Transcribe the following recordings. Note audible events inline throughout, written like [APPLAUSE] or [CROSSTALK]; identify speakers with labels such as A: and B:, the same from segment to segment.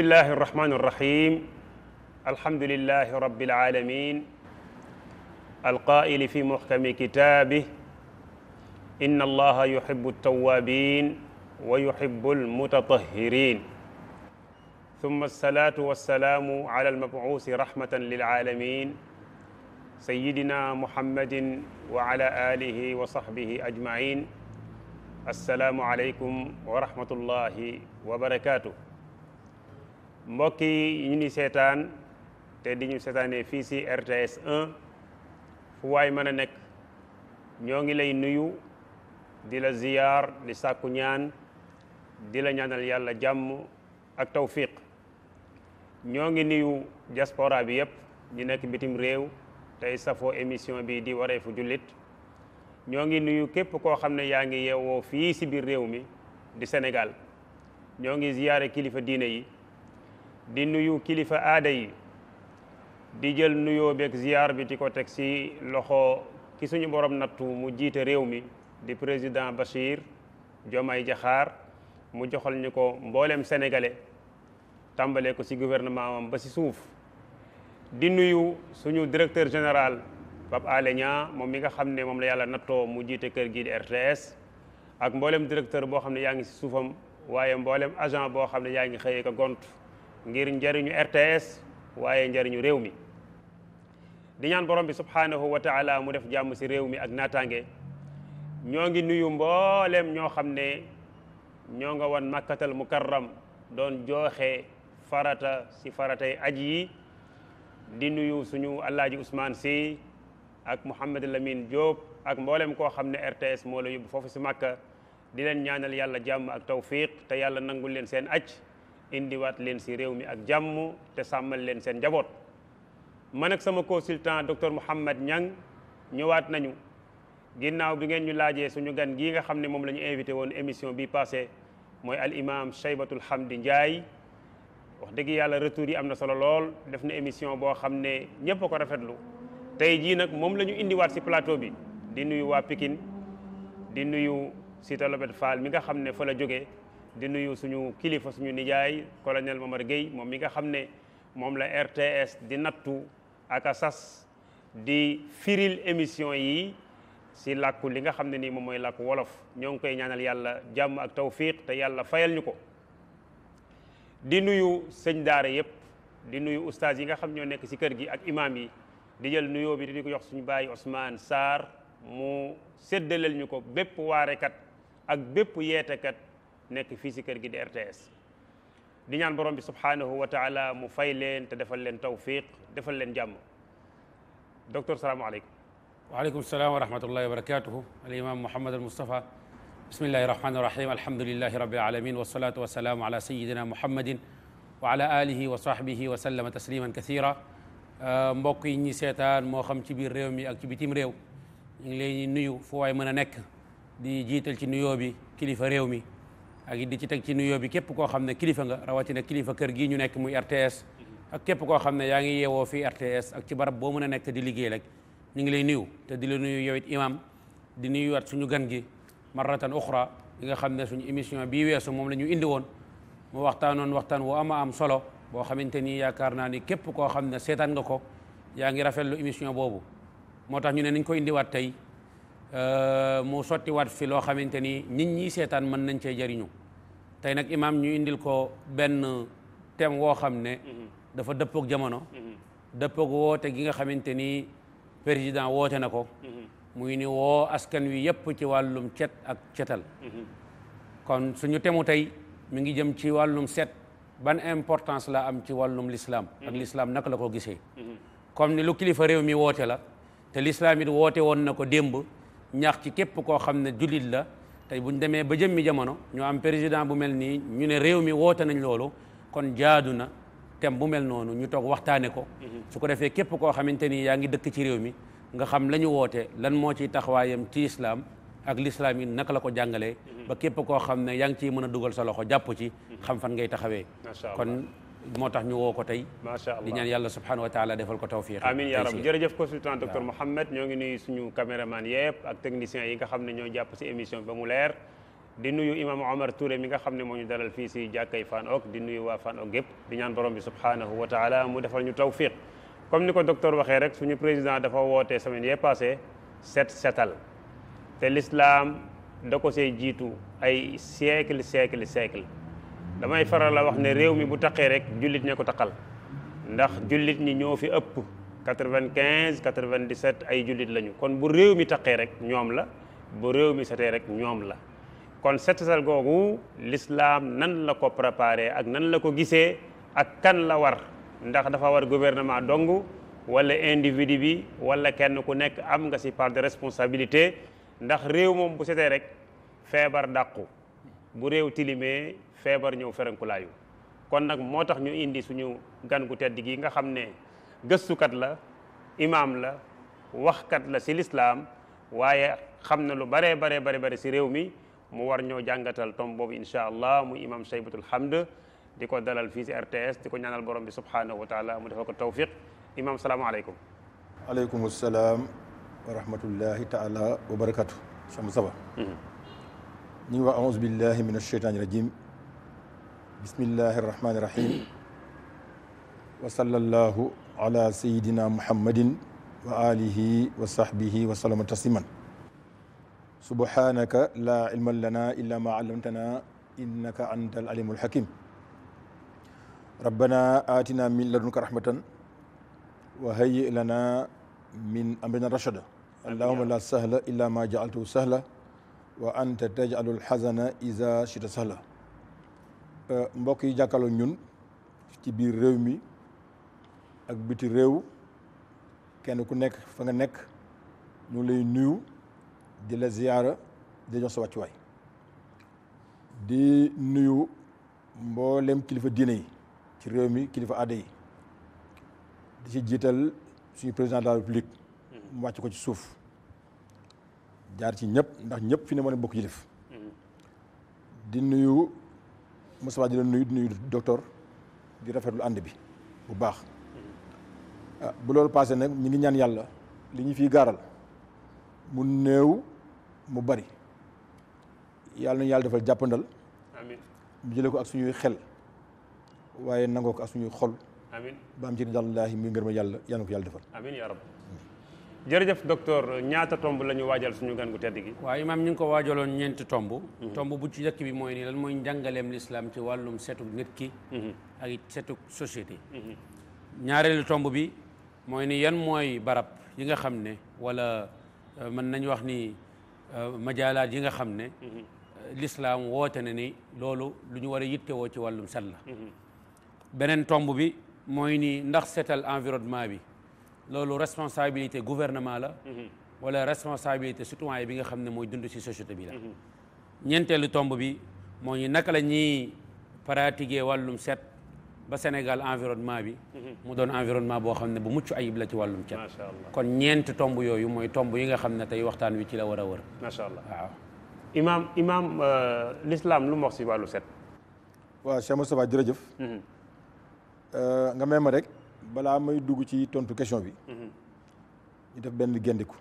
A: بسم الله الرحمن الرحيم الحمد لله رب العالمين القائل في محكم كتابه إن الله يحب التوابين ويحب المتطهرين ثم الصلاة والسلام على المبعوث رحمة للعالمين سيدنا محمد وعلى آله وصحبه أجمعين السلام عليكم ورحمة الله وبركاته mbokk yi ñu ni seetaan te di ñu seetaanee fii ci RTS 1 fu waay mën a nekk ñoo ngi lay nuyu di la ziyaar di sàkku ñaan di la ñaanal yàlla jàmm ak tawfiq ñoo ngi nuyu diaspora bi yépp ñu nekk bitim réew tey safoo émission bi di wareefu jullit ñoo ngi nuyu képp koo xam ne yaa ngi yeewoo fii ci biir réew mi di Sénégal ñoo ngi ziyaare kilifa diine yi di nuyu kilifa aada yi di jël nuyoo beeg ziar bi di ko teg si loxo ki suñu borom nattu mu jiite réew mi di président Bachir Diomaye jaxaar mu joxal ñu ko mbooleem sénégalais tàmbalee ko si gouvernement am ba si suuf di nuyu suñu directeur général Pape Alé Niang moom mi nga xam ne moom la yàlla nattoo mu jiite kër gi di RTS ak mboolem directeur boo xam ne yaa ngi si suufam waaye mboolem agent boo xam ne yaa ngi xëyee ko gont ngir njariñu RTS waaye njariñu réew mi di ñaan borom bi subhaanahu wa taala mu def jàmm si réew mi ak naataange ñoo ngi nuyu mbooleem ñoo xam ne ñoo nga wan makkatal mukarram doon jooxe farata si faratay aj yi di nuyu suñu allaaji Ousmane si ak Mouhamed Lamine Diop ak mboolem koo xam ne RTS moo la yóbbu foofu si Makka di leen ñaanal yàlla jàmm ak tawfiq te yàlla nangul leen seen aj indiwaat leen si réew mi ak jàmm te sàmmal leen seen njaboot man ak sama consultant docteur Mouhamed Niang ñëwaat nañu ginnaaw bi ngeen ñu laajee suñu gan gii nga xam ne moom la ñu invité woon émission bi passé mooy al imam Cheybatul Hamdi Ndiaye wax dëgg yàlla retour yi am na solo lool def na émission boo xam ne ñëpp a ko rafetlu tey jii nag moom la ñu indiwaat si plateau bi di nuyu waa Pikine di nuyu Cité Lobet Fall mi nga xam ne fa la jógee di nuyu suñu kilifa suñu nijaay colonel Momar Gueye moom mi nga xam ne moom la RTS di nattu ak sas di firil émission yi si làkku li nga xam ne nii moom mooy làkku wolof ñoo ngi koy ñaanal yàlla jàmm ak tawfiq te yàlla fayal ñu ko di nuyu sëñ daara yëpp di nuyu ustaas yi nga xam ñoo nekk si kër gi ak imaam yi di jël nuyoo bi di ko yox suñu bàyyi Ousmane Sarr mu séddaleel ñu ko bépp waarekat ak bépp yeetekat nek fi ci kër gi di RTS di ñaan borom bi subhanahu wa taala mu fay leen te defal leen tawfiq defal leen jàmm docteur salam alaykum
B: wa alaykum salam wa rahmatullahi wa barakatuh al imam muhammad al mustafa بسم الله الرحمن الرحيم الحمد لله رب العالمين والصلاة والسلام على سيدنا محمد وعلى آله وصحبه وسلم تسليما كثيرا مبقي mbokk yi ñi seetaan moo xam ريو biir réew mi ak ci bitim réew ñu ngi leen nuyu fu waay mën a nekk di jiital ak di ci teg ci nuyoo bi képp koo xam ne kilifa nga rawatina kilifa kër gi ñu nekk muy RTS ak képp koo xam ne yaa ngi yewoo fii RTS ak ci barab boo mën a nekk di liggéey rek ñu ngi lay nuyu te di la nuyu yow it imam di nuyuwaat suñu gan gi marratan uxra li nga xam ne suñu émission bii weesu moom la ñu indi woon mu waxtaanoon waxtaan wu ama am solo boo xamante ni yaakaar naa ni képp koo xam ne seetaan nga ko yaa ngi rafetlu émission boobu moo tax ñu ne niñ ko indiwaat tey Euh, mu sottiwaat fi loo xamante ni nit ñi seetaan mën nañ cee jariñu tey nag imaam ñu indil ko benn thème woo xam ne mm-hmm. dafa dëppoog jamono mm-hmm. dëppoog woote gi nga xamante ni président woote na ko mm-hmm. muy ni woo askan wi yëpp ci wàllum cet ak cetal kon suñu temu tey mu ngi jëm ci wàllum set ban importance la am ci wàllum l'islam ak l'islam naka la ko gisee comme ni lu kilifa réew mi woote la te l'islam it woote woon na ko démb ñaax ci képp koo xam ne jullit la tey buñ demee ba jëmmi jamono ñu am président bu mel nii ñu ne réew mi woote nañ loolu kon jaadu na thème bu mel noonu ñu toog waxtaane ko mhm. su ko defee képp koo xamante ni yaa ngi dëkk ci réew mi nga xam la ñu woote lan moo ciy taxawaayam ci islam ak l'islam yi naka la ko jàngalee mhm. ba képp koo xam ne yaa ngi ciy mën a dugal sa loxo jàpp ci mhm. xam fan ngay taxawee moo tax ñu woo ko tey macha allah di ñaan yàlla subhanahu wa taala defal ko tawfiq amin ya rab jërëjëf
A: consultant docteur Mouhamed ñoo ngi nuyu suñu caméraman yëpp ak technicien yi nga xam ne ñoo jàpp si émission ba mu leer di nuyu imam amar Touré mi nga xam ne moo ñu dalal fii si jàkkay Fann ok di nuyu waa Fann ok gépp di ñaan boroom bi subhanahu wa taala mu defal ñu tawfiq comme ni ko docteur waxee rek suñu président dafa woote semaine yee passé set setal te l'islam da ko see jiitu ay siècle siècle siècle damay faral la wax ne réew mi bu taqee rek jullit ña ko taqal ndax jullit ñi ñoo fi ëpp 95 97 ay jullit lañu kon bu réew mi taqee rek ñoom la bu réew mi setee rek ñoom la kon setsetal googu l'islam nan la ko préparé ak nan la ko gisee ak kan la war ndax dafa war gouvernement dong wala individu bi wala kenn ku nekk am nga ci part de responsabilité ndax réew moom bu setee rek feebar dàqu bu réew tilimee feebar ñëw ferenkulaayu kon nag moo tax ñu indi suñu gan gu tedd gi nga xam ne gëstukat la imaam la waxkat la si lislaam waaye xam na lu baree baree bare bare si réew mi mu war ñoo jàngatal tom boobu incha allah muy imam saybatul hamd di ko dalal fii si RTS di ko ñaanal borom bi subhanahu wa taala mu defal ko tawfiq imam salaamaaleykum
C: aleykum salaam wa rahmatullahi taala wa barakatu sama saba ñu ngi wax billahi min alcheytaani rajim بسم الله الرحمن الرحيم وصلى الله على سيدنا محمد وآله وصحبه وسلم تسليما سبحانك لا علم لنا إلا ما علمتنا إنك أنت العليم الحكيم ربنا آتنا من لدنك رحمة وهيئ لنا من أمرنا رشدا اللهم لا سهل إلا ما جعلته سهلا وأنت تجعل الحزن إذا شئت سهلا Euh, mbokk yi jàkkaarloo ñun ci biir réew mi ak biti réew kenn ku nekk fa nga nekk ñu lay nuyu di la ziyaara di jox sa wàccuwaay di nuyu mboolem kilifa diine yi ci réew mi kilifa aada yi di ci jiital suñu président de la république mu wàcc ko ci suuf jaar ci ñëpp ndax ñëpp fi ne moo ne bokk yilif
D: mm-hmm.
C: di nuyu Moustapha di la nuyu di nuyu docteur di rafetlu ànd bi bu baax ah, bu loolu passé nag ñu ngi ñaan yàlla li ñu fiy gaaral mu néew mu bari yàlla nañu yàlla defal jàppandal amiin mu jëlee ko ak suñuy xel waaye nangoo ko ak suñuy xol amiin ba am ci ridallaahi mi ngërëm yàlla yal ko yàlla defal
B: amiin yaa jërëjëf docteur ñaata tomb la ñu waajal suñu gan gu tedd gi waaw imaam ñu ngi ko waajaloon ñeenti tomb mhm. tomb bu ci njëkk bi mooy nii lan mooy njàngaleem lislaam ci wàllum setu nit ki mhm. ak setu société mhm. ñaareelu tomb bi mooy ni yan mooy barab yi nga xam ne wala euh, mën nañ wax ni euh, majaalaat yi nga xam ne lislaam woote na ni loolu lu ñu war a yittewoo ci wàllum set la beneen tomb bi mooy ni ndax setal environnement bi لولو ريسبونسابيلتي غوفرنمان لا ولا ريسبونسابيلتي سيتوان اي بيغا خامني موي دوندو سي سوسيتي بي لا نينتيلو تومب بي موي ناك لا ني براتيغي والوم سيت با سينيغال انفيرونمان بي مو دون انفيرونمان بو خامني بو موتشو ايب لا تي والوم سيت ما شاء الله كون نينت تومب يوي موي تومب ييغا خامني تاي وقتان وي تي لا ورا ورا ما شاء الله آه. امام امام الاسلام
A: لو مخ سي والو سيت
C: وا شيخ مصطفى رك bala may dugg ci tontu question bi. Mhm. ñu def ben gendiku.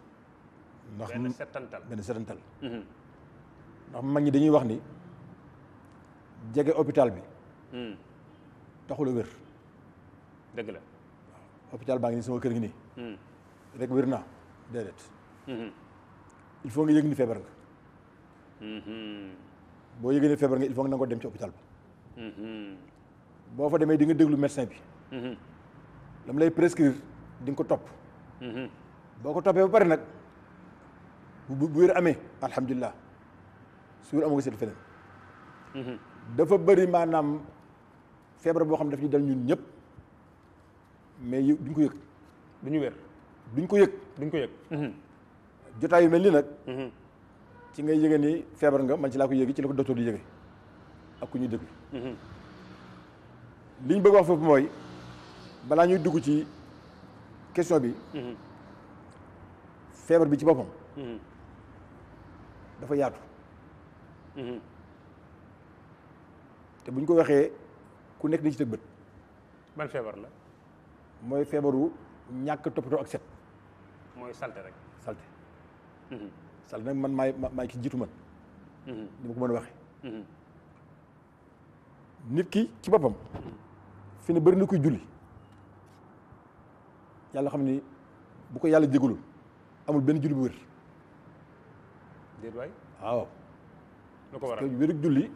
C: ndax ben setantal ben setantal. Mhm. ndax mag ñi dañuy wax ni jege hôpital bi. Mhm. taxul a wér. dëgg la hôpital baa ngi sama kër gi nii. rek wér naa déedéet. il faut nga yëg fièvre nga. boo bo ni fièvre nga il faut nga nangoo dem ci hôpital ba. bo fa démé di nga déglu médecin bi. la mu lay prescrire di ko topp. Mm-hmm. boo ko toppee bu pare nag bu bu wér amee alhamdulilah su wér amoo seet feneen. Mm-hmm. dafa bëri maanaam feebar boo xam ne daf ñu dal ñun ñëpp mais yë duñ ko yëg. duñu wér duñ ko yëg. duñ ko yëg. Mm-hmm. jotaay yu mel nii nag. ci ngay yëge ni feebar nga man ci laa ko yëge ci la ko docteur di yëge ak ku ñuy déglu. liñ bëgg wax foofu mooy. balaa ñuy dugg ci question bi. Mhm. feebar bi ci boppam. Mhm. dafa yaatu. Mhm. te bu ñu ko waxee ku nekk dañ ci teg bët. ban feebar la. mooy feebaru ñàkk toppatoo ak set. mooy salte rek. salte. salte nag man maay maay ki jiitu man. ni ma ko mën a nit ki ci boppam. fi ne bëri kuy julli. yàlla xam ni bu ko yàlla jégalul amul benn julli bu wér. déet waay waaw. ko waral parce que wérug julli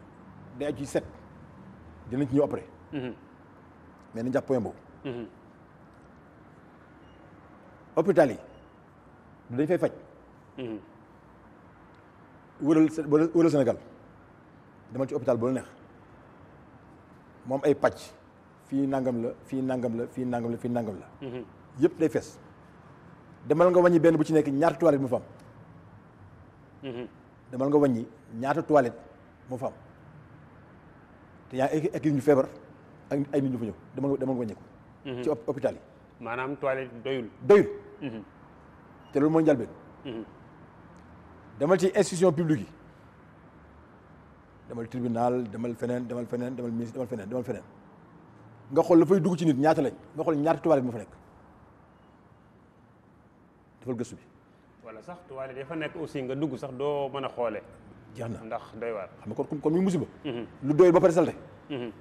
C: day aju ci set dinañ ci ñëw après. Mhm. mais nañ jàpp point boobu. Mhm. hôpital yi dañ fay faj. Mhm. wëral Sénégal demal ci hôpital bu neex moom ay pàcc fii nangam la fii nangam la fii nangam la fii nangam la. yépp day fees demal nga wàññi benn bu ci nekk ñaata toilette mu fa mhm. demal nga wàññi ñaata toilette mu fa am te yaa ngi ak ñu feebar ak ay nit ñu fa ñëw demal nga demal ko. Mhm. ci hôpital yi.
A: maanaam toilette doyul. doyul. Mhm.
C: te loolu mooy njëlbeen. demal ci institution publique yi demal tribunal demal feneen demal feneen demal ministre demal feneen demal feneen nga xool la fay dugg ci nit ñaata lañ nga xool ñaata toilette mu fa nekk. defal gëstu bi
A: wala sax tuwaale dafa nekk aussi nga dugg sax doo mën a xoole jeex na ndax doy waar
C: xam nga kon kon muy musiba mhm. lu doyul ba pare salte mhm.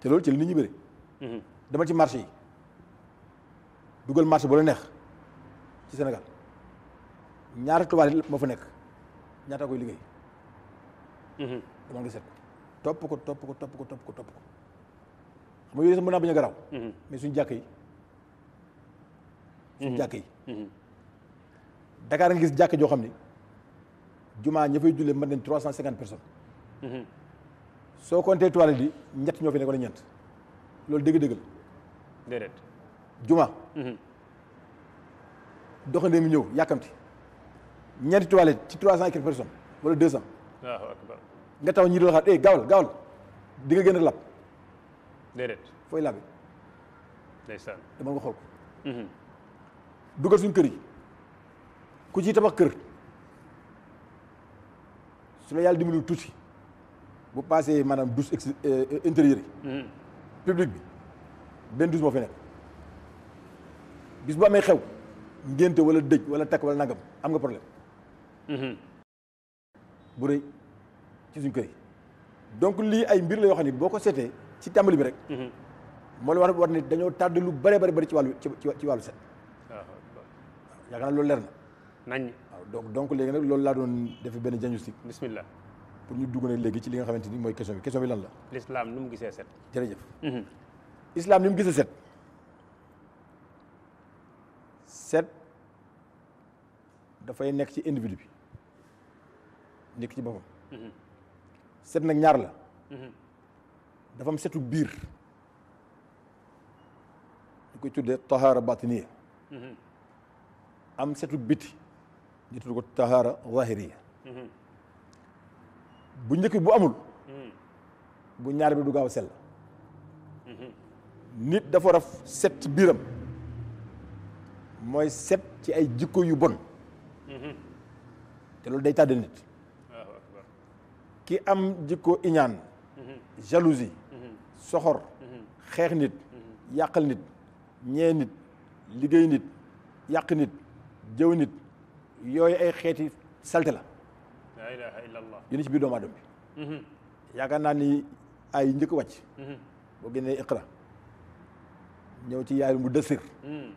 C: te loolu ci nit ñi bëri mhm. dama ci marché yi dugal marché bu la neex ci Sénégal ñaata tubaab yi fa ñaata koy liggéey. dama nga seet topp ko topp ko topp ko topp ko topp ko xam nga mais suñu yi suñu mhm. jàkk yi mhm. Dakar nga gis jàkk joo xam ne jumaa ña fay jullee mën nañ trois cent cinquante personnes mhm. soo compté toilette yi ñett ñoo fi nekk wala ñeent loolu dëgg dëggal déedéet juma doxandee mi ñëw yàkkamti ñeenti toilette ci trois cent et quelques personnes wala deux cent waaw akbar nga taw ñi doon xaar eh, gaawal gaawal di nga gën a lab fooy labe dama nga xool dugal suñ kër yi ku ci tabax kër su la yàlla dimbalu tuuti bu paasee maanaam douche ex euh, intérieur yi. Hmm. public bi benn douche moo fi bis bu amee xew ngénte wala dëj wala takk wala nangam am nga problème. Hmm. bu rëy ci suñ kër yi donc lii ay mbir la yoo xam ne boo ko seetee ci tàmbali bi rek. Hmm. moo la war war ne dañoo tardé lu bare bari bari ci wàllu ci wàllu set. yaakaar naa loolu leer na. nañ waaw donc léegi nag loolu laa doon def benn diagnostic. bismillah pour ñu dugg nag léegi ci li nga xamante ni mooy question bi question bi lan la.
A: l'islam mhm. ni mu gisee set.
C: jërëjëf. islam ni mu set. dafay nekk ci individu bi nekk ci boppam. Mhm. set nag ñaar la. Mhm. dafa setu biir. ñu koy tuddee tahaara batiniya am setu biti ñu mhm. njëkk bu amul mhm. bu ñaar bi du gaaw sell mhm. nit dafa war set ci biiram mooy set ci ay jikko yu bon te loolu day tàdde nit ki am jikko iñaan jalousie soxor xeex nit yàqal nit ñee nit liggéey nit yàq nit jëw nit yooyu ay xeeti salte la la ilaha ci biir doomu aadama bi mhm. yaakaar naa ni ay njëkk wàcc mhm. boo génnee iqra ñëw ci yaay mu desir mhm.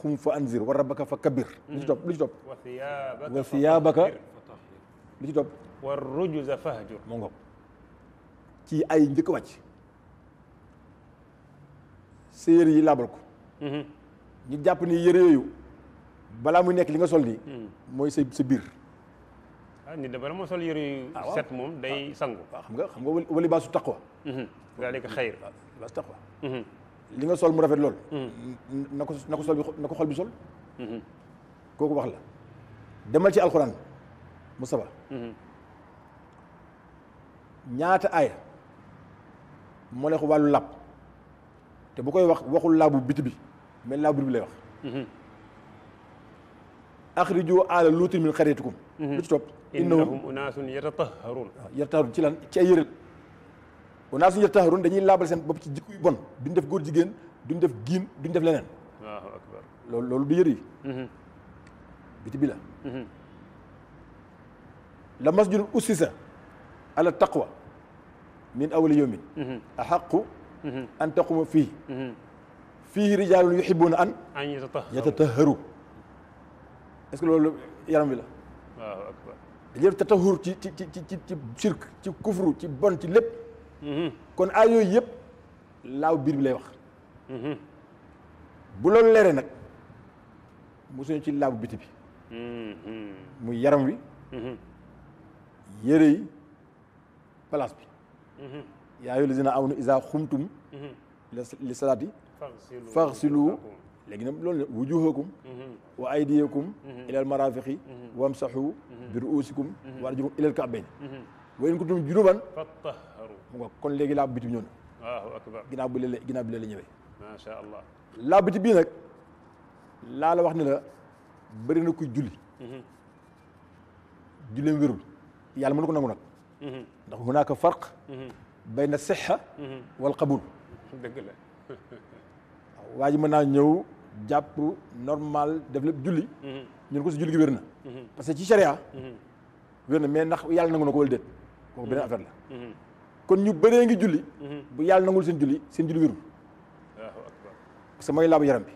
C: xum fa anzir wa rabbaka fa kabir lu ci topp lu ci topp wa siyaabaka lu ci topp ci ay njëkk wàcc sa yi laabal ko ñu jàpp ni yére yooyu bala muy nek li nga sol nii. mooy sa sa bir
A: ni nit da bala moo sol yori set mom day sangu. xam
C: nga xam nga wali basu taqwa. hmm
A: zaalika khair baasu taqwa.
C: hmm li nga sol mu rafet lol nako nako sol nako xol bi sol. hmm koku wax la demal ci alquran alxuraan hmm ñaata aya mo lay wax wàllu laab te bu koy wax waxul labu bitibi mel labu bi lay wax. hmm اخرجوا على لوط من قريتكم بتوب انهم
A: اناس يتطهرون
C: يتطهرون تي لان تي ايرل اناس يتطهرون داني لابل سن بوب تي جيكو بون دون ديف غور جيجن دون ديف جين دون ديف لنن
A: الله اكبر
C: لول لول بيري اها بيتي بلا اها لمسجد اسس على التقوى من اول يوم احق ان تقوم فيه فيه رجال يحبون ان ان يتطهروا يتطهروا est-ce que loolu yaram bi la. dañuy def tatahur ci ci ci ci ci shirk ci kufru ci bon ci lépp. Mhm. kon ay yooyu yëpp laaw biir bi lay wax. Mhm. bu loolu leeree nag mosuñu ci laaw biti bi. Mhm. muy yaram wi. yére yi place
D: bi.
C: yaa ayyuhal lazina amanu izaa xumtum li salaati. faghsilu لكن لون وجوهكم وأيديكم إلى المرافق وامسحوا برؤوسكم وارجلكم إلى الكعبين وإن كنتم جنوبا فطهروا كون لي لا بيتي نون الله اكبر غينا بو لي غينا بو لي نيوي ما شاء الله لا بيتي بي نك لا لا واخني لا بري نكو جولي جولي ويرول يالا منو كنغو نك هناك فرق بين الصحه والقبول دغ واجي منا نيو jàpp normal def lépp julli. Mhm. ñun ko si julli gi wér na. Mhm. parce que ci sharia. Mhm. wér na mais ndax yàlla nangu na ko wala déet. kooku beneen affaire la. kon ñu bëree ngi julli. bu yàlla nangul seen julli seen julli wérul. parce mooy laabu yaram bi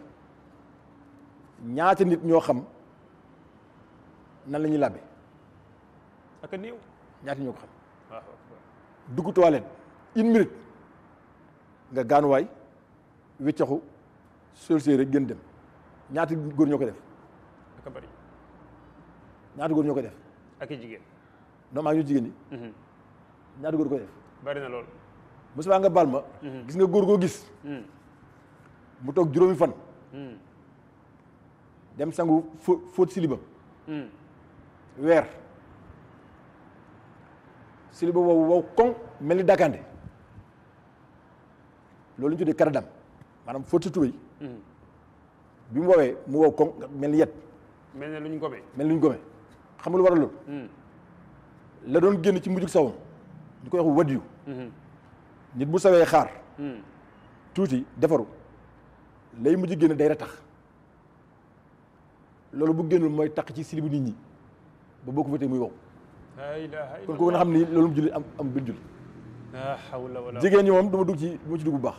C: ñaata nit ñoo xam nan la laabe. ñaata ñoo ko
A: xam.
C: dugg toilette nga gaanuwaay wéccaxu sorcier rek gën dem ñaata góor ñoo ko def. ak góor ñoo ko def. ak maa ngi ñu jigéen ñi. Mhm. ñaata góor ko def. bari na lool. Moussa nga baal ma. Mhm. gis nga góor goo gis. Mhm. mu toog juróomi fan. dem sangu fo fóot siliba. weer siliba wow wow koŋ mel ni dakande loolu ñu tuddee karadam. maanaam fóoti tubéy bi mu woowee mu wow koŋ mel ni yet mel ne lu ñu gome mel ni lu gome xam nga lu waral loolu hmm. la doon génn ci mujjug sawam ñu koy wax wadiyu hmm. nit bu sawee xaar hmm. tuuti defaru lay mujj génn day tax loolu bu génnul mooy taq ci silibu nit ñi ba boo ko féetee muy wow
A: kon kooku na xam ni loolu mu
C: julli am am biir jigéen ñi moom duma dugg ci duma ci dugg bu baax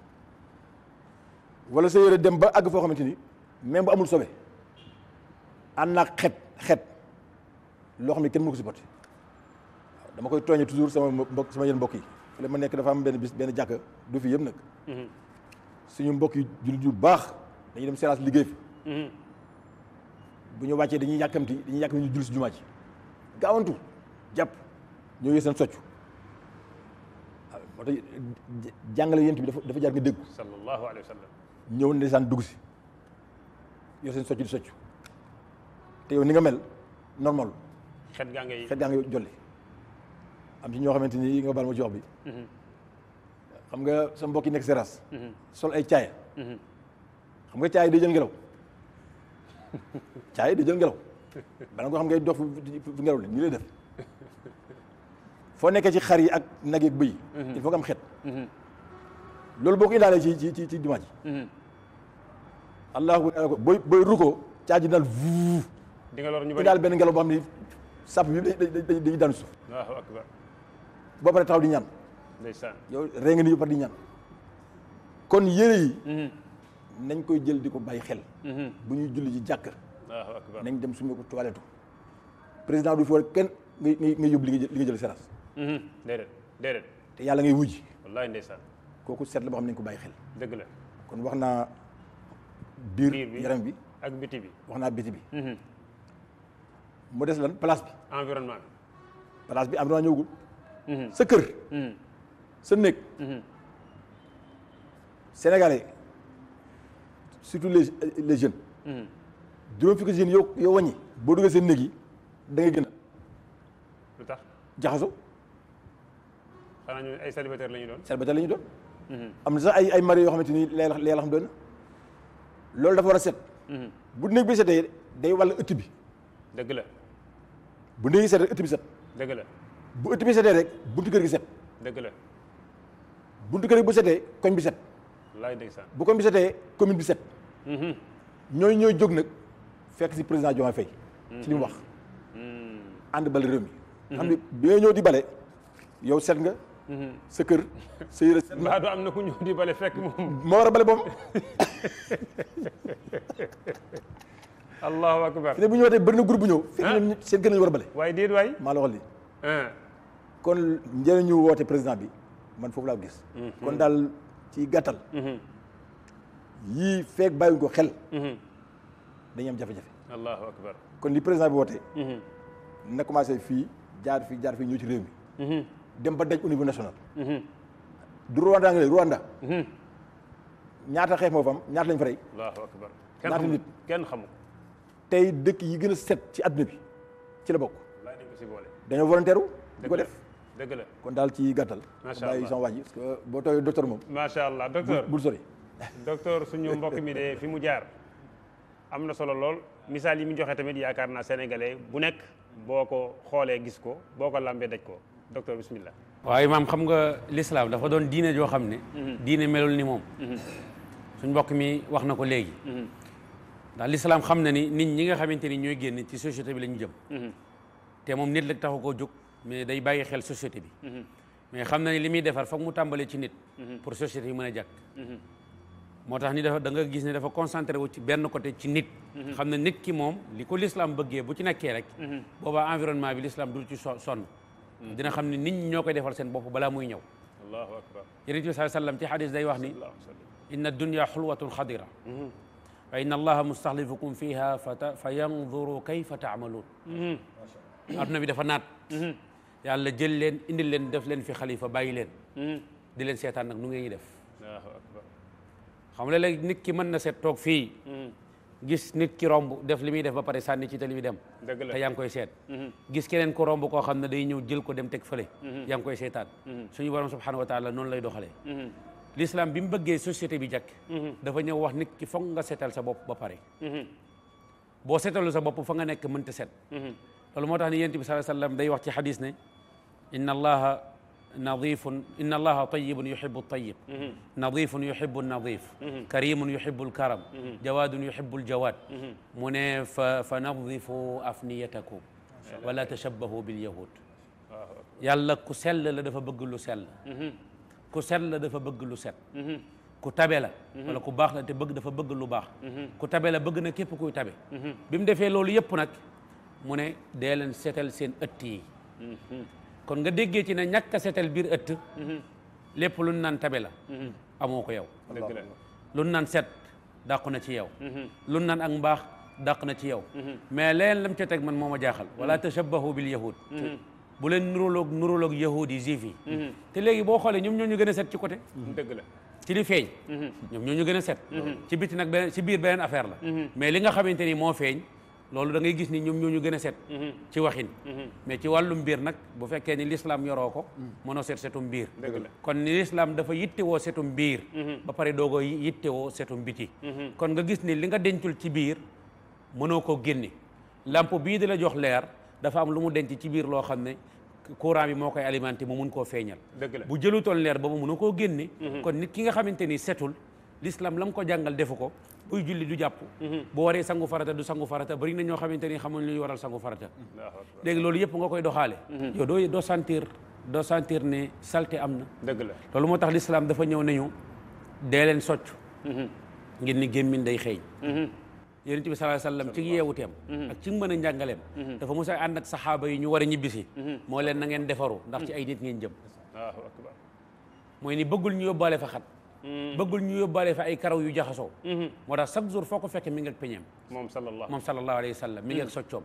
C: wala sa yére dem ba ag fo xamanteni même bu amul sobe ana xet xet lo xamni ne kenn mënu ko supporté dama koy tooñe toujours sama mbok sama yéen mbok yi fële ma nekk dafa am ben bis benn jàkka du fi yeb yëpp nag mhm. suñu mbok yi jul ju bax dañu dem séance liggéey fi mhm. bu buñu wacce dañuy yàkkamti dañuy yàkkamti ñu jul si jumaa ji gaawantu jàpp ñoo yee soccu waaw moo tax yent bi dafa jar nga dégg sallallahu alayhi wasallam ñëw ndeysaan dugg si yow seen soccu soccu te ni normal. xet gaa ngay xet gaa ngay am ci ñoo nga ma mhm. xam nga mhm. sol ay caaya. Mhm. xam nga caaya day jël ngelaw caaya day jël ngelaw bala nga xam ngay lay def ci ak il faut nga am xet. allahu akbar booy booy ruko caaji daal vuu.
A: di nga lor ñu bëri daal
C: benn ngelaw boo xam ni sàpp bi day day daanu suuf. allahu akbar. boo paree taxaw di ñaan. ndeysaan yow ree nga ni yow pare di ñaan. kon yére yi. Mhm. nañ koy jël di ko bàyyi xel. Mhm. bu ñuy julli ji jàkk. allahu nañ dem suñu ko toilette président du fi war kenn ngay ngay li nga jël li nga jël séras. Mhm. te yàlla ngay wujji. wallaay ndeysaan. kooku seet la boo xam nañ ko bàyyi xel. dëgg kon wax naa. biir yaram bi ak biti bi wax naa biti bi mhm. mu des lan place bi palace bi am bi environnement ñëwagul mhm. sa kër mhm. sa néeg surtout les les jeunes juróom fukki jeunes yow yow wàññi boo duggee seen néeg yi da ngay a lu jaxaso
A: ay célibataire la ñu doon
C: célibataire la ñu doon am sax ay ay mari yoo xamante ni lee la xam doon loolu dafa war a set. Mhm. bu néeg bi setee day wàll ëtt bi. dëgg la. bu néeg yi rek ëtt bi set. bu ëtt bi setee rek buntu kër gi set. bu setee koñ bi set. laay bu koñ setee commune bi set. Mhm. ñooy ñooy jóg nag fekk si président Diomaye Faye. ci li mu mhm. wax. ànd bale réew xam ne bi ñëw di bale yow set nga. Mm-hmm. sa kër sa [LAUGHS] mbaa
A: du am na ku ñëw di bale fekk moom
C: [LAUGHS] moo war a bale moom
A: [LAUGHS] allahu akbar fi ne ñu
C: ah. war a bale waaye déet waay maa la wax lii ah. kon njëriñu woote président bi man foofu laa gis mm-hmm. kon daal ci gàttal mm-hmm. yii feek bàyyiwuñ ko xel dañu am jafe-jafe kon li président bi woote na commencé fii jaar fii jaar fii ñëw ci réew mi dem ba daj au niveau national. Mhm. du Rwanda nga léegi Rwanda. Mhm. ñaata xeex moo fa ñaata lañ fa rey.
A: allahu akbar ñaata nit kenn xamul
C: tey dëkk yi gën a set ci àdduna bi ci la bokk. dañoo volontaire wu di ko def. dëgg la kon daal ci gàttal. macha allah boo tooyee docteur moom.
A: macha allah docteur bul sori. docteur suñu mbokk mi de fi mu jaar am na solo lool misaal yi mu joxe tamit yaakaar naa sénégalais bu nekk boo ko xoolee gis ko boo ko lambee daj ko. docteur bismillah
B: waaye maam xam nga lislaam dafa doon diine joo xam ne mhm. diine melul ni moom mhm. suñ mbokk mi wax na ko léegi mhm. ndax lislaam xam ne ni nit ñi nga xamante ni ñooy génn ci société bi la jëm te moom nit la taxu koo jóg mais day bàyyi xel société bi mais xam na ni li muy defar foog mu tàmbalee ci nit pour société yi mën a jàkk moo tax ni dafa da nga gis ne dafa concentré wu ci benn côté ci nit xam ne nit ki moom li ko lislaam bëggee bu ci nekkee rek boobaa environnement bi lislaam dul ci sonn dina xamni nit ñi ñoo defal seen bop bala muy ñëw allahu akbar yonent bi sallam ci xadis day wax ni inna dunya xulwatun xadira wa inna allaha mustaxlifukum fiha fata kayfa taamaluun adduna bi dafa naat yàlla jël leen indil leen def leen fi xalifa bàyyi leen di leen seetaan nag nu ngeen def xam nga léeg-léeg nit ki mën na seet toog fii gis nit ki romb def li muy def ba pare sànni ci tali bi dem te yaa ngi koy seet mhm. gis keneen ko romb koo xam ne day ñëw jël ko dem teg fële mhm. yaa ngi koy seetaan mhm. suñu borom subhanahu wa taala lay doxalee l'islam bi mu bëggee société bi jakk dafa ñëw wax nit ki foog a seetal sa bopp ba pare boo seetalu sa bopp fa a nekk mënta set loolu moo tax ne yonent bi sallallahu day wax ci xadis ne inna allaha نظيف إن الله طيب يحب الطيب نظيف يحب النظيف كريم يحب الكرم جواد يحب الجواد منيف فنظفوا أفنيتكم ولا تشبهوا باليهود يلا كسل لدفا بقلو سل كسل لدفا بقلو سل كتابلا ولا كباخ لدفا بق دفا بقلو باخ كتابلا بقنا كيف كو يتابي بمدفع لولي يبنك مني ديلن ستل سين أتي kon nga déggee ci na ñàkk a biir ëtt mhm. lépp lu nan tabe la mhm. amoo ko yow lu nan set dàqu na ci yow mhm. lu naan ak mbaax dàq na ci yow mais leen lam ca teg man moo ma jaaxal wala tashabbahu bil yahud bu leen nuróloog nuróloog yahudi juif yi te léegi boo xoolee ñoom ñoo ñu gën a set ci côté dëgg la ci li feeñ ñoom ñoo ñu gën a set ci biti nag beneen ci biir beneen affaire la mais li nga xamante ni moo feeñ loolu da ngay gis ni ñoom ñoo ñu gën a set mhm. ci waxin mhm. mais ci wàllum mbir nag bu fekkee ni lislaam yoroo ko mhm. mënoo set setum biir kon ni lislaam dafa yitte woo setum biir ba pare doogoo yittewoo setum biti kon nga gis ni li nga dencul ci biir mënoo ko génne làmp bii di la jox leer dafa am lu mu denc ci biir loo xam ne courant bi moo koy alimenté mu mun koo feeñal bu jëlutoon leer ba mu a koo génne kon nit ki nga xamante ni setul l'islam lam ko jàngal defu ko kuy julli du japp mhm. bo waré sangu farata du sangu farata bari na ñoo xamanteni xamul ñu waral sangu farata mhm. léegi loolu yépp nga koy doxale mhm. yo do do sentir do sentir ne salte amna? na dëgg la loolu motax l'islam dafa ñëw nañu dé len soccu ngir ni gémmiñ day xey yonent bi sallallahu alayhi wasallam ci yewutem ak ci mën a dafa musa and ak sahaba yi ñu wara ñibisi mo leen na ngeen defaru ndax ci ay nit ngeen jëm moy ni bëggul ñu yobale fa xat Mm-hmm. bëggul ñu yóbbaale fa ay karaw yu jaxasoo mm-hmm. moo tax chaque jour foo ko fekk mi ngi ak peñeem moom sallallahu moom sallallahu alayhi wa sallam mi ngi ak mm-hmm. soccoom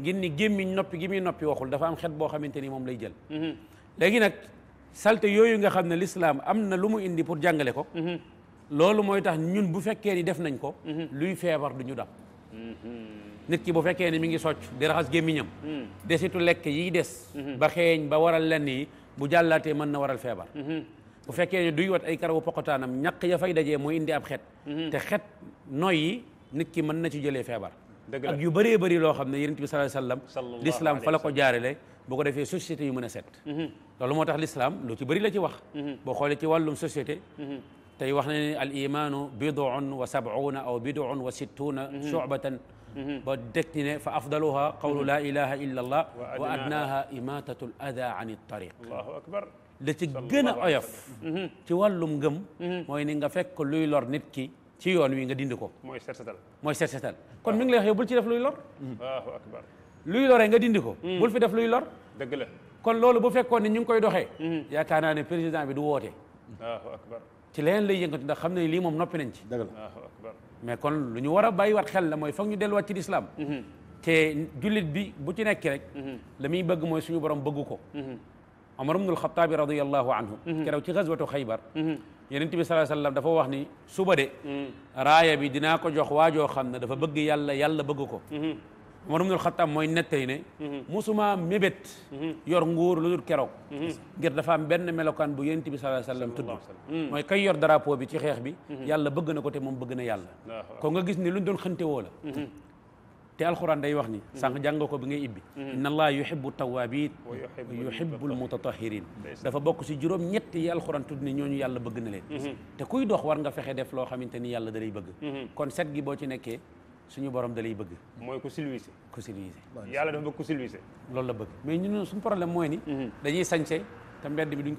B: ngir ni gémmiñ noppi gi muy noppi waxul dafa am xet boo xamante ni moom lay jël léegi nag salte yooyu nga xam ne lislaam am na lu mu indi pour jàngale ko loolu mooy tax ñun bu fekkee ni def nañ ko luy feebar du ñu dab nit ki bu fekkee ni mi ngi socc di raxas gémmiñam mm. desitu lekk yi des ba xeeñ ba waral lenn yi bu jàllaatee mën na waral feebar bu fekkee ne duy wat ay karawu poqotaanam ñaq ya fay dajee mooy indi ab xet te xet noyyi nit ki mën na ci jëlee feebar ak yu bëree bëri loo xam ne yonent bi sallallahu alayhi wa sallam l'islam fa la ko jaarale bu ko defee société yu mën a set loolu moo tax l'islam lu ci bëri la ci wax boo xoolee ci wàllum société tey wax na ne al imaanu bidun wa sabuna aw bidun wa sittuna shubatan ba dekti ne fa afdaluha qawlu la ilaha illa allah wa adnaha imatatu al an il tariq allahu akbar la ci gën a oyof mm-hmm. ci wàllum ngëm mm-hmm. mooy ni nga fekk luy lor nit ki ci yoon wi nga dind ko mooy set setal mooy set setal kon mi ngi lay wax yow bul ci def luy lor mm-hmm. luy loree nga dindi ko bul fi def luy lor dëgg la kon loolu bu fekkoon ni ñu ngi koy doxee yaakaar naa ne président bi du woote ci leneen lay yëngatu ndax xam ne lii moom noppi nañ ci dëgg mais kon lu ñu war a bàyyiwaat xel la mooy foog ñu delluwaat ci lislaam te jullit bi bu ci nekk rek la muy bëgg mooy suñu borom bëgg ko عمر بن الخطاب رضي الله عنه كانوا في غزوه خيبر يعني بي صلى الله عليه وسلم دا فو واخني صبح دي رايه بي دينا كو جوخ واجو خن دا فا بغ يالا يالا بغكو عمر بن الخطاب موي نتاي ني موسما ميبت يور نغور لودر كيرو غير دا فام بن ملوكان بو يعني بي صلى الله عليه وسلم تود موي كاي يور درابو بي تي خيخ بي يالا بغ نكو تي موم بغ نا يالا كو غا غيس ني لون دون خنتي ولا te alxuraan day wax ni sànq jàng nga ko bi ngay ibbi mm-hmm. inna allaha yuhibbu tawabin yuhibbul mutatahirin dafa bokk si juróom ñett yi alxuraan tudd ni ñooñu yàlla bëgg na leen mm-hmm. te kuy dox war nga fexe def loo xamante ni yàlla da lay bëgg mm-hmm. kon set gi boo ci nekkee suñu borom da lay bëgg mooy ku silwiise ku silwiise yàlla dafa bëgg ku silwiise loolu la bëgg mooy ni dañuy sañse te mbedd bi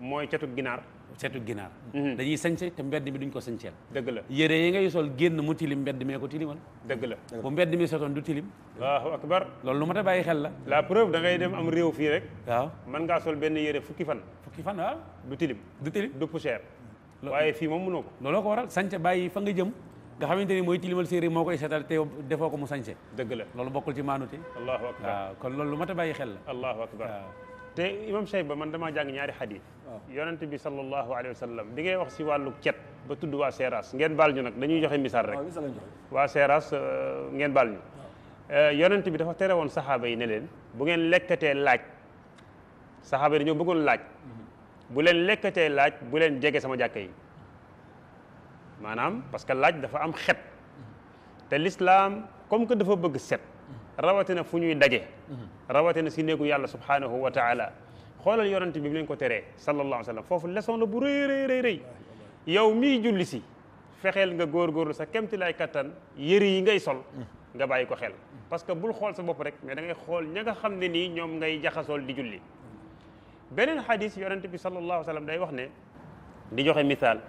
B: mooy catu ginaar setu ginaar mhm. dañuy sañse te mbedd mi duñ ko sañseel dëgg la yére yi ngay sol génn mu tilim mbedd mee ko tilimal dëgg la bu mbedd mi sotoon du tilim allahu akbar loolu lu ma ta bàyyi xel la la preuve dem am réew fii rek waaw ngaa sol benn yére fukki fan fukki fan waaw du tilim du tilim du poussière waaye fii moom mënoo ko looloo ko waral sañse bàyyi fa nga jëm nga xamante ni mooy tilimal séeréer moo koy seetal te defoo ko mu sañse dëgg la loolu bokkul ci maanute allahu akbar waaw kon loolu lu ma ta bàyyi xel la allahu akbar te imam Cheikh ba man damaa jàng ñaari xadis
A: Oh. yonent bi sallallahu alaihi wasallam di ngay wax ci walu ciet ba tudd wa seras ngeen bal ñu nak dañuy joxe misaal rek oh, wa seras euh, ngeen bal ñu oh. euh, yonent bi dafa téré won sahaba yi ne len bu ngeen lekkatee laaj sahaba yi bëggul mm-hmm. laaj bu len laaj bu len jégué sama jakkay manam parce que laaj dafa am xet mm-hmm. te l'islam comme que dafa bëgg set mm-hmm. rawatina fu ñuy rawatina ci neegu yalla subhanahu wa taala xoolal yonent bi bi lañ ko teree sallallahu alayhi wa sallam foofu leçon la bu rëy rëy rëy rëy yow mii julli si fexeel nga góorgóorlu sa kemti lay kattan yëri yi ngay sol nga bàyyi ko xel parce que bul xool sa bopp rek mais da ngay xool ña nga xam ne nii ñoom ngay jaxasool di julli beneen xadis yonent bi sallallahu alayhi wa sallam day wax ne di joxe misaal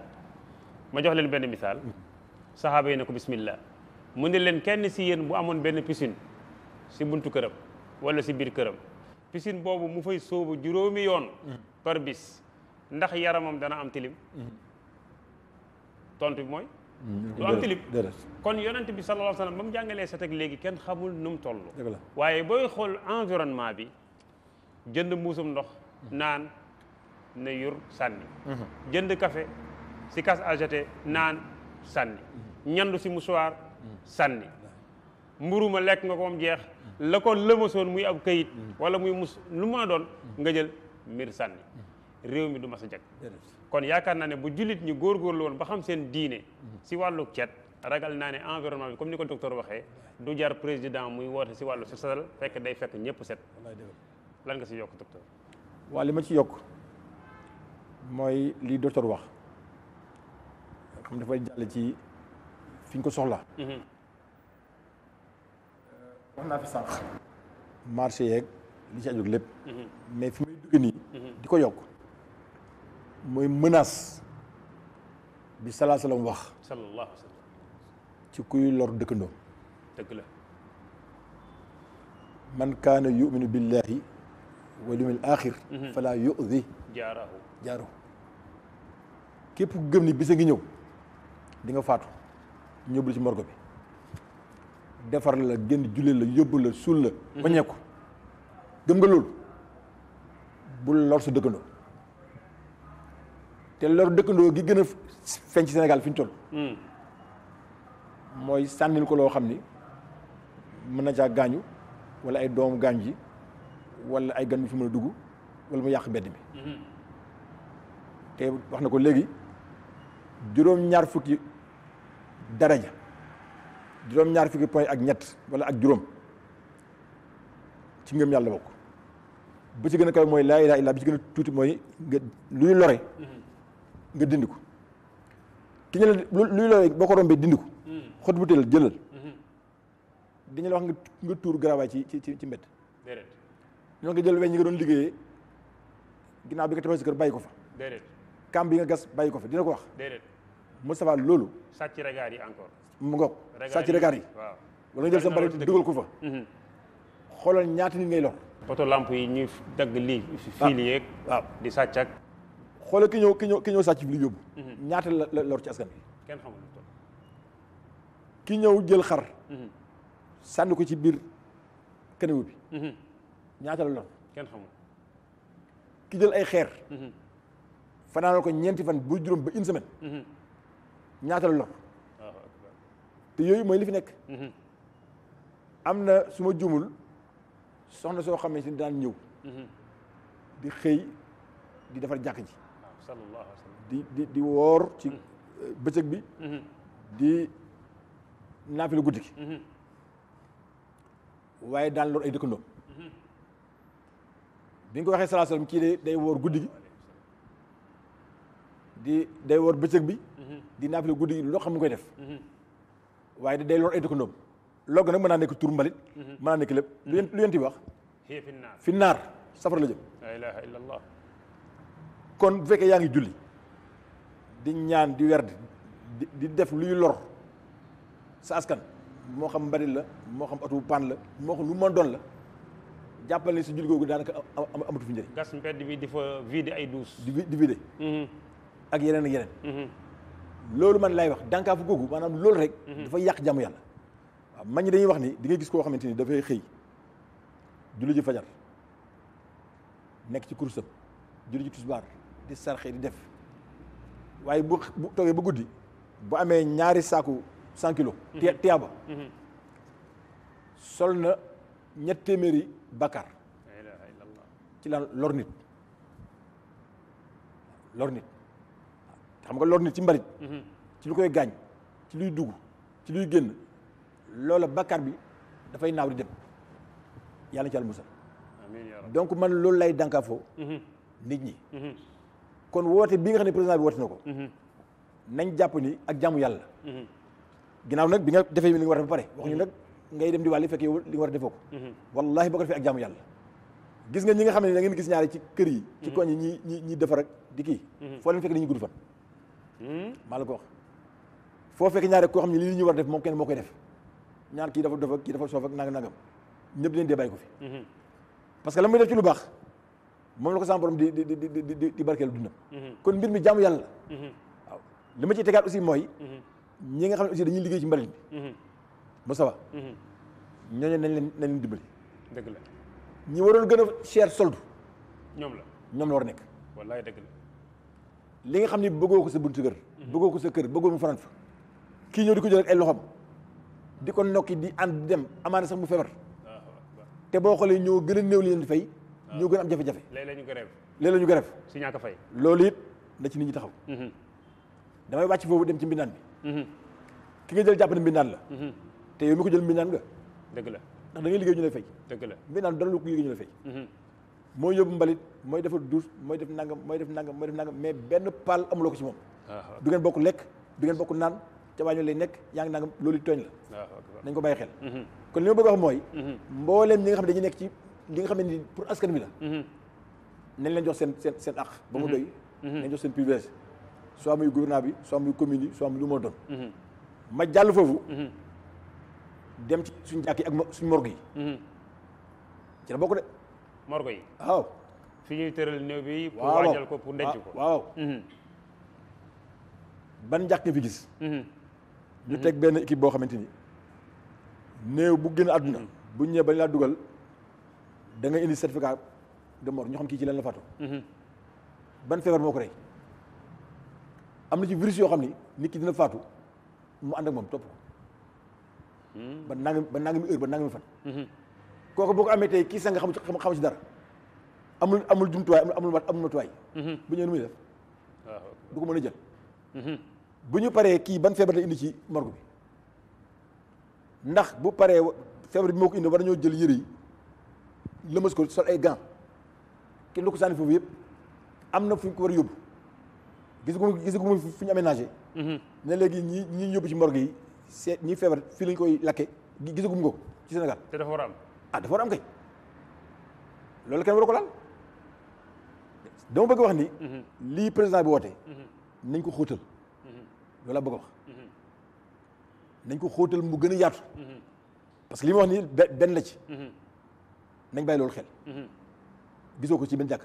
A: ma jox leen benn misaal saxaaba yi ne ko bismillah mu ne leen kenn si yéen bu amoon benn piscine si buntu këram wala si biir këram piscine boobu mu fay sóobu juróomi yoon par bis ndax yaramam dana am tilim tontu bi mooy du am tilim kon yonent bi sallallahu alayhi wa sallam ba mu jàngalee set léegi kenn xamul nu mu toll waaye booy xool environnement bi jënd mbuusum ndox naan na yur sànni jënd café si casse à naan sànni ñandu si mouchoir sànni mburu ma lekk nga ko moom jeex la ko lëmasoon muy ab kayit wala muy mus lu ma doon nga jël mbir sànni réew mi du ma sa jag kon yaakaar naa ne bu jullit ñi góorgóorlu woon ba xam seen diine si wàllu cet ragal naa ne environnement bi comme ni ko docteur waxee du jar président muy woote si wàllu social fekk day fekk ñëpp set lan nga si yokk docteur
C: waa li ma ci yokk mooy lii docteur wax xam dafay jàll ci fi ñu ko soxla mhm. wax naa fi sànq. marché yeeg li ci aju lépp. Mhm. mais fi muy dugg nii. Mhm. di ko yokk mooy menace bi salaasalaam wax. sallallahu ci kuy lor dëkkandoo. dëgg la. man kaana yuminu billahi wal aaxir. Mhm. falaa yu'di jaarahu képp gëm ni bisa ngi ñëw di faatu ñëbul ci morgo bi. defar la génn julli la yóbbu la suul la waññeeku gëm nga loolu bu lor sa dëkkandoo te lor dëkkandoo gi gën a feeñ ci Sénégal fi ñu toll hmm. mooy sànnil ko loo xam ni mën na caa gaañu wala ay doomu gaañu ji wala ay gan yu fi mën a dugg wala mu yàq mbedd mi hmm. te wax na ko léegi juróom ñaar fukki daraja juróom ñaar fukki point ak ñett wala ak juróom ci ngëm yàlla bokk bu ci gën a kaw mooy laa ilaaha illa bi ci gën a tuuti mooy nga luy lore mm-hmm. nga dindi ko ki ñu la luy lore boo ko rombee dindi ko mm-hmm. xot bu teel jëlal mm-hmm. dañu la wax nga tuur garawaay ci ci ci mbedd ñoo nga jël weñ ñi nga doon liggéeyee ginnaaw bi nga tabax si kër bàyyi ko fa kam bi nga gas bàyyi ko fa dina ko wax Moustapha loolu sàcc regaar mu ngoog sàcc regard yi wala nga jël sa mbalit dugal ko fa xoolal ñaata nit ngay lor
A: poto lamp yi ñu dagg lii fiil ah. yeeg waaw ah. di sàcc ak
C: xoolal ki ñëw ki ñëw ki ñëw sàcc bi li yóbbu mhm. ñaata la lor bi kenn xamul ki ñëw jël xar mhm. ko ci biir kanéwu bi mhm. ñaata kenn xamul jël ay xeer fanaanal ko ñeenti fan bu juróom ba une semaine ñaata la te yooyu mooy li fi nekk. Mhm. am na su ma jumul soxna soo xamee si daan ñëw. Mhm. di xëy di defar jàkk ji. di di woor ci mhm. eh, bëccëg bi. di naafilu guddi gi. waaye daan loolu ay dëkkandoom. bi nga ko waxee salaasalaam kii de day woor guddi gi di day woor bëccëg bi. di naafilu guddi gi loo xam ne koy def. waaye da day lor ay dëkkandoom logg nag mën naa nekk tur mbalit
A: mhm.
D: mën
C: naa nekk lépp lu mhm. yent bi wax fi naar safara la jëm
A: la ilaha illa allah
C: kon bu fekkee yaa ngi julli di ñaan di werd di def luy lor sa moo xam mbalit la moo xam oto bu paan la moo xam lu mën doon la jàppal ni si julli googu daanaka amatu fi
A: njëriñ di fa vider ay douche
C: di vider mhm. ak yeneen ak yeneen loolu man lay wax dànkaafu googu maanaam loolu rek. Mhm. dafay yàq jàmm yàlla. waaw dañuy wax ni di nga gis koo xamante ni dafay xëy julli ji fajar nekk ci kursam julli ji tisbaar di sarxe di def waaye bu bu ba guddi bu amee ñaari saaku cent kilos. Mhm. tiyaaba mhm. sol na ñett téeméeri bakkaar ci la lor nit lor xam nga lor nit ci mbarit mhm. ci lu koy gaañ ci luy dugg ci luy génn loola bakkaar bi dafay naaw di dem yàlla ci àll musal donc man loolu lay dànkaafoo mhm. nit ñi mhm. kon woote bi nga xam ne président bi woote na ko nañ jàpp ni ak jaamu yàlla ginnaaw nag bi nga defee li nga war a def ba pare wax nag ngay dem di wàlli fekk li nga war a defoo ko wallahi boo ko defee ak jaamu yàlla gis nga ñi nga xam ne da ngeen gis ñaari ci kër yi ci koñ yi ñi ñi defar ak di kii mal la ko wax foo fekk ñaari ko xamni li ñu war def moom kenn moko def ñaar ki dafa dafa ki dafa sof ak nag nagam ñepp leen di ko fi mhm. parce que lamuy def ci lu bax mom la ko sam borom di di di di di di barkel dundam mhm. kon mbir mi jamu yalla hmm li ci ciy aussi moy
D: hmm
C: ñi nga xamni aussi dañuy liggéey ci mbalit bi mhm. Moustapha ñooñu nañ leen nañ leen dimbali la ñi waroon gëna cher soldu ñom la ñom la war nek
A: wallahi deug la
C: li nga xam ne bëggoo ko sa buntu kër. bëggoo ko sa kër bëggoo mu faral fa kii ñëw di ko jël ak ay loxoom di ko nokki di ànd dem amaana sax mu feebar. te boo xoolee ñoo gën a néew di fay. ñoo gën a am jafe-jafe. la ñu grève. léeg si ñàkk fay. loolu it na ci nit ñi taxaw. Mhm. damay wàcc foofu dem ci mbindaan bi. Mhm. ki nga jël jàpp ne la. Mhm. te yow mi ko ndax da liggéey ñu lay fay. la mbindaan dara lu ko liggéey ñu lay fay. mooy yóbbu mbalit mooy defar duus mooy def nangam mooy def nangam mooy def nangam mais benn paal amuloo ko ci moom du ngeen bokk lekk du ngeen bokk naan ca waaño lay nekk yaa ngi nangam loolu tooñ la nañ ko bàyyi xel mhm. kon li ma a mooy mhm. mbooleem ñi nga xam ne nekk ci li nga xam ni pour askan bi la mhm. nañ leen jox seen seen seen aq ba mu doy nañ jox seen privilège soit muy gouvernement bi soit muy commune yi soit muy lu ma doon ma jàll foofu dem ci suñu jàkk yi ak suñu morgue yi ci la bokk de morgue yi waaw
A: fi ñuy tëral bi pour ko pour denc ko waaw
C: ban njàq nga fi gis mhm. ñu teg benn équipe boo xamante ni néew bu a àdduna mhm. bu ñëwee bañ laa dugal da nga indi certificat de mort ñu xam kii ci lan la faatu mhm. ban feebar moo ko rey am na ci virus yoo xam ni nit ki dina faatu mu ànd ak moom topp ko ba nangami ba nangami heure ba nangami fan kooku boo ko amee tey kii sax nga xamu ci dara amul amul jumtuwaay amul mat amul matuwaay. Mhm. bu ñëwee nu muy def. waaw ah, du ko mën a jël. Mhm. bu ñu paree kii ban feebar la indi ci morgue bi ndax bu paree feebar bi moo ko indi war nañoo jël yëre yi lëmas ko sol ay gants kenn du ko sànni foofu yëpp am na fu ñu ko war a yóbbu gis nga gis nga fu ñu aménagé. Mhm. na léegi ñii ñii yóbbu ci morgue yi seet ñi feebar fii lañ koy lakke gisagum nga ko ci Sénégal. te dafa ah dafa war am kay loolu kenn waru ko laal dama bëgg wax ni. Mhm. lii président bi woote. Mhm. nañ ko xóotal. Mhm. loolu laa bëgg wax. nañ ko xóotal mu gën a yaatu. parce que li ma wax nii benn la ci. nañ bàyyi loolu xel. gisoo ko ci benn jàkk.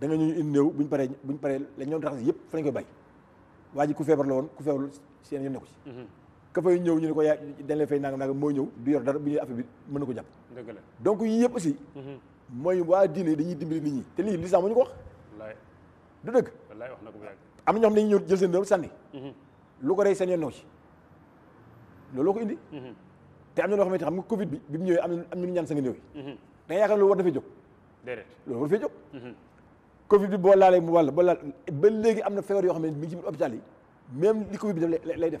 C: da nga ñuy indi néew buñ paree buñ paree la ñoom tax yëpp fa lañ koy bàyyi waa ku feebar la woon ku feebarul seen yoon ne ko ci. ka fay ñëw ñu ne ko yaa dañ lay fay nangam nangam mooy ñëw du yor dara bu ñuy affaire bi mën na ko jàpp la donc yii yëpp aussi mhm. mooy waa diine dañuy dimbali nit ñi te lii lislam moo ñu ko wax du dëgg am na ñoo xam mhm. mhm. te xam nga covid bi bi mu ñëwee am ñu ñaan sa nga néew yi da nga yaakaar loolu war na fee jóg déedéet loolu war fee jóg covid bi boo laalee mu wàll ba laal ba léegi am na feebar yoo xam ne mi ngi ci biir hôpital yi même li covid bi def lay def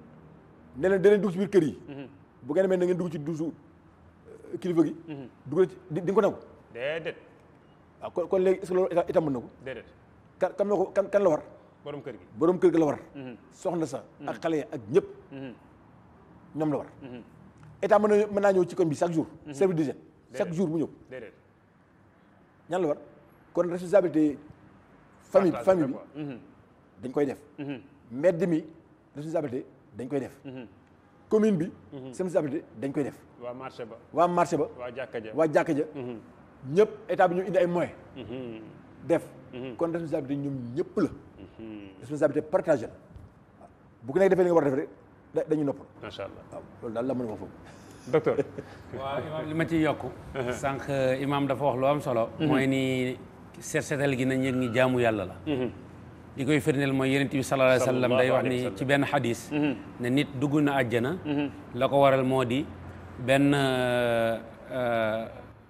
C: ne leen danañ dugg ci biir kër yi. Mhm. bu ngeen demee na ngeen dugg ci duusu euh, kilifa gi. Mhm. dugg di nga ko nangu. déedéet. ko. déedéet. kan kan la war. borom kër gi borom kër gi la war. Mhm. soxna sa ak xale ya ak ñëpp. ñoom la war. état mën na mën naa ñëw ci koñ bi chaque jour. service d'hygiène chaque jour mu ñëw. déedéet. ñan la war kon responsabilité. famille famille bi dañ koy def. mbedd mi responsabilité. dañ koy def. Mhm. commune bi. Mhm. semence d'habilité dañ koy def. waa marché ba waa marché ba. waa jàkka ja waa jàkka mhm. ñëpp état bi ñu indi ay moyens. def. kon responsabilité ñoom ñëpp la. responsabilité partagée la bu ko nekk defee li nga war a def rek da dañuy noppal. macha allah loolu daal la a wax foofu. docteur. [LAUGHS]
B: li ma ciy yokk. Uh-huh. sànq imaam dafa wax lu am solo. Uh-huh. mooy ni seet seetal gi nañ yëg ni jaamu yàlla la. Uh-huh. li koy firndeel mooy yonent bi sallallahu alayhi wa sallam day wax ni ci benn xadis mm-hmm. ne nit dugg na àjjana mm-hmm. la ko waral moo di benn euh, euh,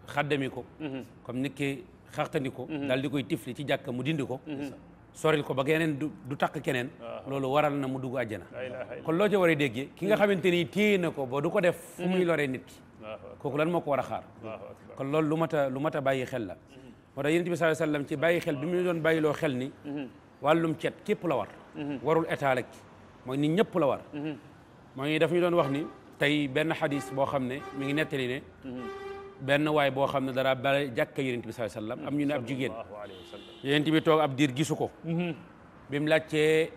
B: xaddami ko mm-hmm. comme nit ki xaxtani ko daal di koy tifli ci jàkka mu dindi ko soril ko ba keneen du takk keneen ah. loolu waral na mu dugg àjjana kon loo ci war a ki nga xamante ni téye ko ba du ko def fu muy loree nit ki kooku lan moo ko war a xaar kon loolu lu mat a lu mat a bàyyi xel la moo tax yonent bi sallallahu ci bàyyi xel bi mu walum cet képp la war. warul état rek mooy nit ñëpp la war. mooy daf ñu doon wax ni tey benn xadis boo xam ne mi ngi nettali ne. benn waay boo xam ne dara bala jàkka yonent bi sallallahu alayhi wasallam am ñu ne ab jigéen. yonent bi toog ab diir gisu ko. bi mu laajtee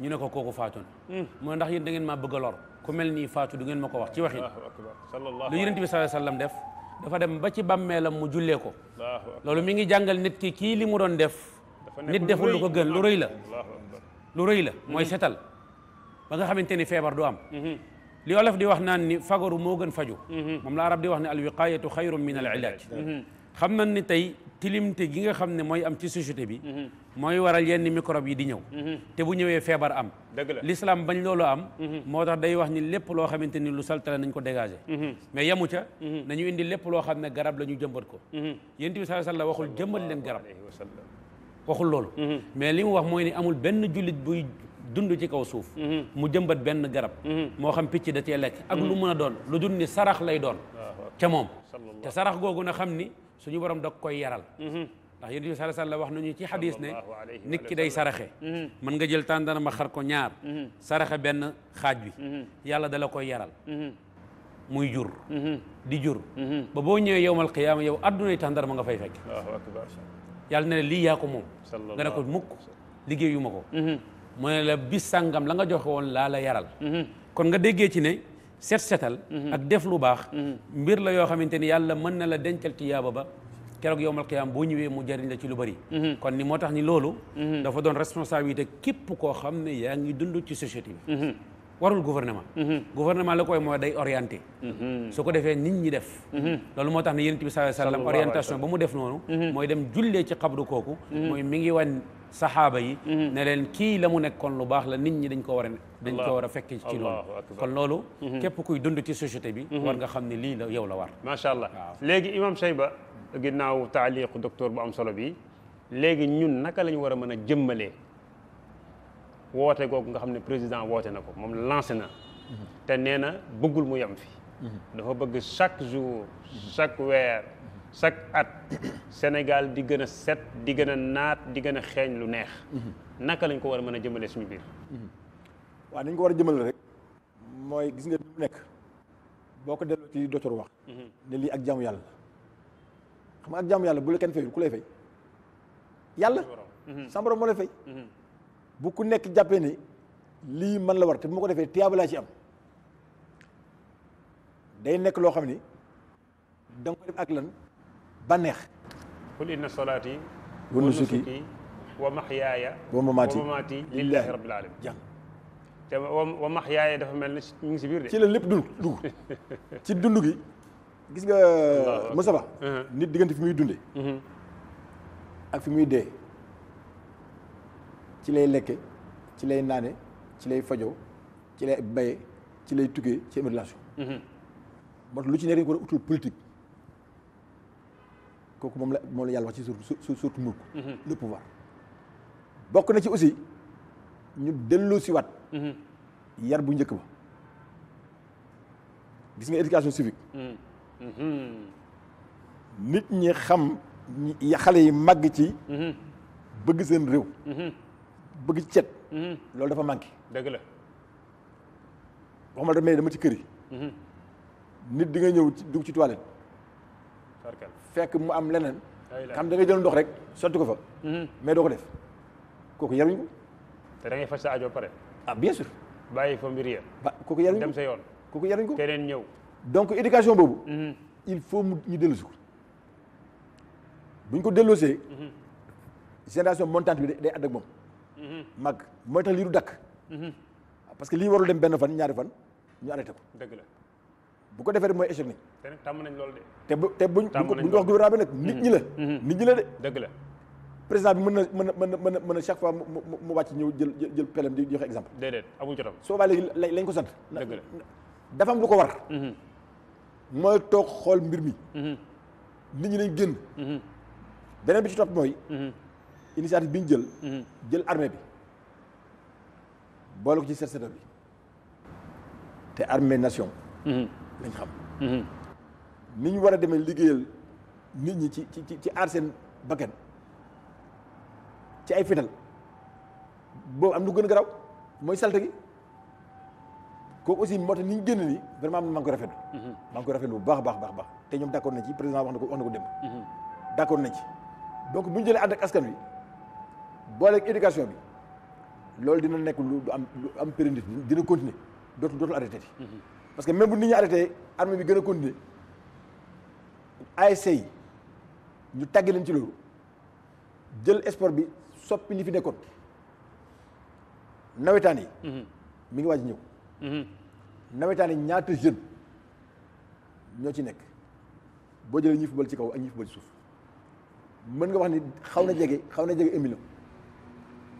B: ñu ne ko kooku faatu na. mooy ndax yéen da ngeen maa bëgg a lor. ku mel nii faatu du ngeen ma ko wax ci waxin.
A: lu yonent bi
B: sallallahu alayhi wasallam def. dafa dem ba ci bàmmeelam mu jullee ko. loolu mi ngi jàngal nit ki kii li mu doon def. nit deful lu ko gën lu rëy la lu rëy la mooy setal ba nga xamante ni feebar du am li olof di wax naan ni fagaru moo gën faju moom la arab di wax ne alwiqayatu xayrun min al ilaaj xam nañ ni tey tilimte gi nga xam ne mooy am ci société bi mooy waral yenn microbe yi di ñëw te bu ñëwee feebar am dëgg la l'islam bañ loolu am moo tax day wax ni lépp loo xamante ni lu saltale nañ ko dégagé mais yamu ca nañu indi lépp loo xam ne garab la ñu jëmbat ko yént bi sallallahu alayhi wa sallam waxul jëmbat leen garab waxul loolu mm-hmm. mais li mu wax mooy ni amul benn jullit buy dund ci kaw suuf mm-hmm. mu jëmbat benn garab mm-hmm. moo xam picc da cee lekk ak lu mën a doon lu dul ni sarax lay doon ca moom te sarax googu na xam ni suñu borom da koy yaral ndax yéen bi sallallahu wax nañu ci xadis ne nit ki day saraxe mën nga jël tàndana ma xar ko ñaar saraxe benn xaaj bi yàlla dala koy yaral muy jur di jur ba boo ñëwee yowmal qiyaama yow addunay tàndarma nga fay fekk yàlla ne la lii yaa ko moom nga ne ko mukk liggéeyu ma ko mhm. mu ne la bis sàngam la nga joxe woon laa la yaral mhm. kon nga déggee ci ne set setal mhm. ak def lu baax mbir la yoo xamante ni yàlla mën na la dencal tiyaaba ba keroog yowmal qiyam boo ñëwee mu jariñ la ci lu bari kon ni moo tax ni loolu dafa doon responsabilité képp koo xam ne yaa ngi dund ci société bi warul gouvernement. Mhm. gouvernement la koy mooy day orienté. Mhm. su ko defee nit ñi def. Mhm. loolu moo tax ne yonent bi sallallahu alayhi wasallam orientation ba mu def noonu. mooy dem jullee ci xabru kooku. mooy mi ngi wan saxaaba yi. ne leen kii la mu nekkoon lu baax la nit ñi dañ ko war a dañ war a fekk ci loolu. kon loolu. képp kuy dund ci société bi. war nga xam ne lii la yow la war. macha allah léegi imam Shayba
A: ginnaaw taaliq docteur bu am solo bi léegi ñun naka la ñu war a mën a jëmmalee. woote googu nga xam ne président woote na ko moom lancé na te nee na bëggul mu yem fi dafa bëgg chaque jour chaque weer chaque at Sénégal di gën a set di gën a naat di gën a xeeñ lu neex naka lañ ko war a mën a jëmale suñu biir
C: waaw nañ ko war a jëmale rek mooy gis nga mu nekk boo ko delloo ci docteur wax ne lii ak jaamu yàlla xam nga ak jaamu yàlla bu la kenn fayul ku lay fay yàlla sa moo lay fay mm-hmm. bu ku nekk jàppee ne lii man la war te bu ma ko defee tiyaaba laa ci am day nekk loo xam ni da nga ko def ak lan bànneex
A: qul inna salaati
C: wa nusuki
A: wa maxyaaya wa mamaati wa mamaati lillahi rabbil alamin jàng te wa maxyaaya dafa mel ne ñu ngi si
C: biir de ci la lépp dund dugg ci dund gi gis nga Moussa Ba nit diggante fi muy dunde ak fi muy dee ci lay lekke ci lay nané ci lay fajo ci lay baye ci lay tukkee ci émigration hmm bon lu ci nekk ko utul politique kooku mom la mo la yalla wax ci surtout surtout mulk mhm. le pouvoir bokk na ci aussi ñu ci wat hmm yar bu ñëk ba gis nga éducation civique
D: hmm
C: nit ñi xam ya xalé yi mag ci hmm bëgg seen réew mhm. bëgg ci cet. Mm-hmm. loolu dafa manqué. dëgg la. waxuma la mais dama ci kër yi. Mm-hmm. nit di nga ñëw ci dugg ci toilette. fekk mu am leneen. xam dangay ngay jël ndox rek sotti ko fa. Mm-hmm. mais doo ko def kooku yaruñ ko.
A: te da ngay faj sa aajo pare. ah bien sûr. bàyyi
C: fa kooku yaruñ ko ko keneen ñëw. donc éducation boobu. il faut mu ñu dellusi ko bu ko delloosee. génération montante bi day ànd ak mag mooy tax lii du dakk parce que lii warul dem benn fan ñaari fan ñu arrêté ko. bu ko defee mooy échec nañ.
A: te tàmm nañ loolu de.
C: te bu te buñ buñ wax gouvernement bi nag. nit ñi la. Mm-hmm. Mm-hmm. nit ñi la de. dëgg la président bi mën na mën na mën na mën na chaque fois mu mu mu wàcc ñëw jël jël pelem di joxe exemple. déedéet amul jotam. soo baa léegi lañ ko sant. dëgg la dafa am lu ko war. Mm-hmm. mooy toog xool mbir mi. nit ñi lañ génn. beneen bi ci topp mooy. initiative biñ ñu jël. Mhm. jël armée bi boole ko ci set setal bi te armée nation. Mhm. lañ xam. Mhm. ni ñu war a demee liggéeyal nit ñi ci ci ci aar seen bakkan ci ay fital boobu am na gën a garaw mooy salte gi kooku aussi moo tax ni ñu génn nii vraiment maa ngi ko rafetlu. maa ngi ko rafetlu bu baax baax baax baax te ñoom d' accord nañ ci président wax na ko wax na ko démb. d' accord nañ ci donc bu jëlee ànd askan wi. booleeg éducation bi loolu dina nekk lu am lu am pérennité dina continuer dootul dootul arrêté ti mhm. parce que même bu nit ñi arrêté armée bi gën a continuer ASC yi ñu tàgge leen ci loolu jël sport bi soppi li fi nekkoon nawetaan yi mhm. mi ngi waaj ñëw mhm. nawetaan yi ñaata jeune ñoo ci nekk boo jëlee ñuy football ci kaw ak ñuy football ci suuf mën nga wax ni xaw na jege xaw na jege un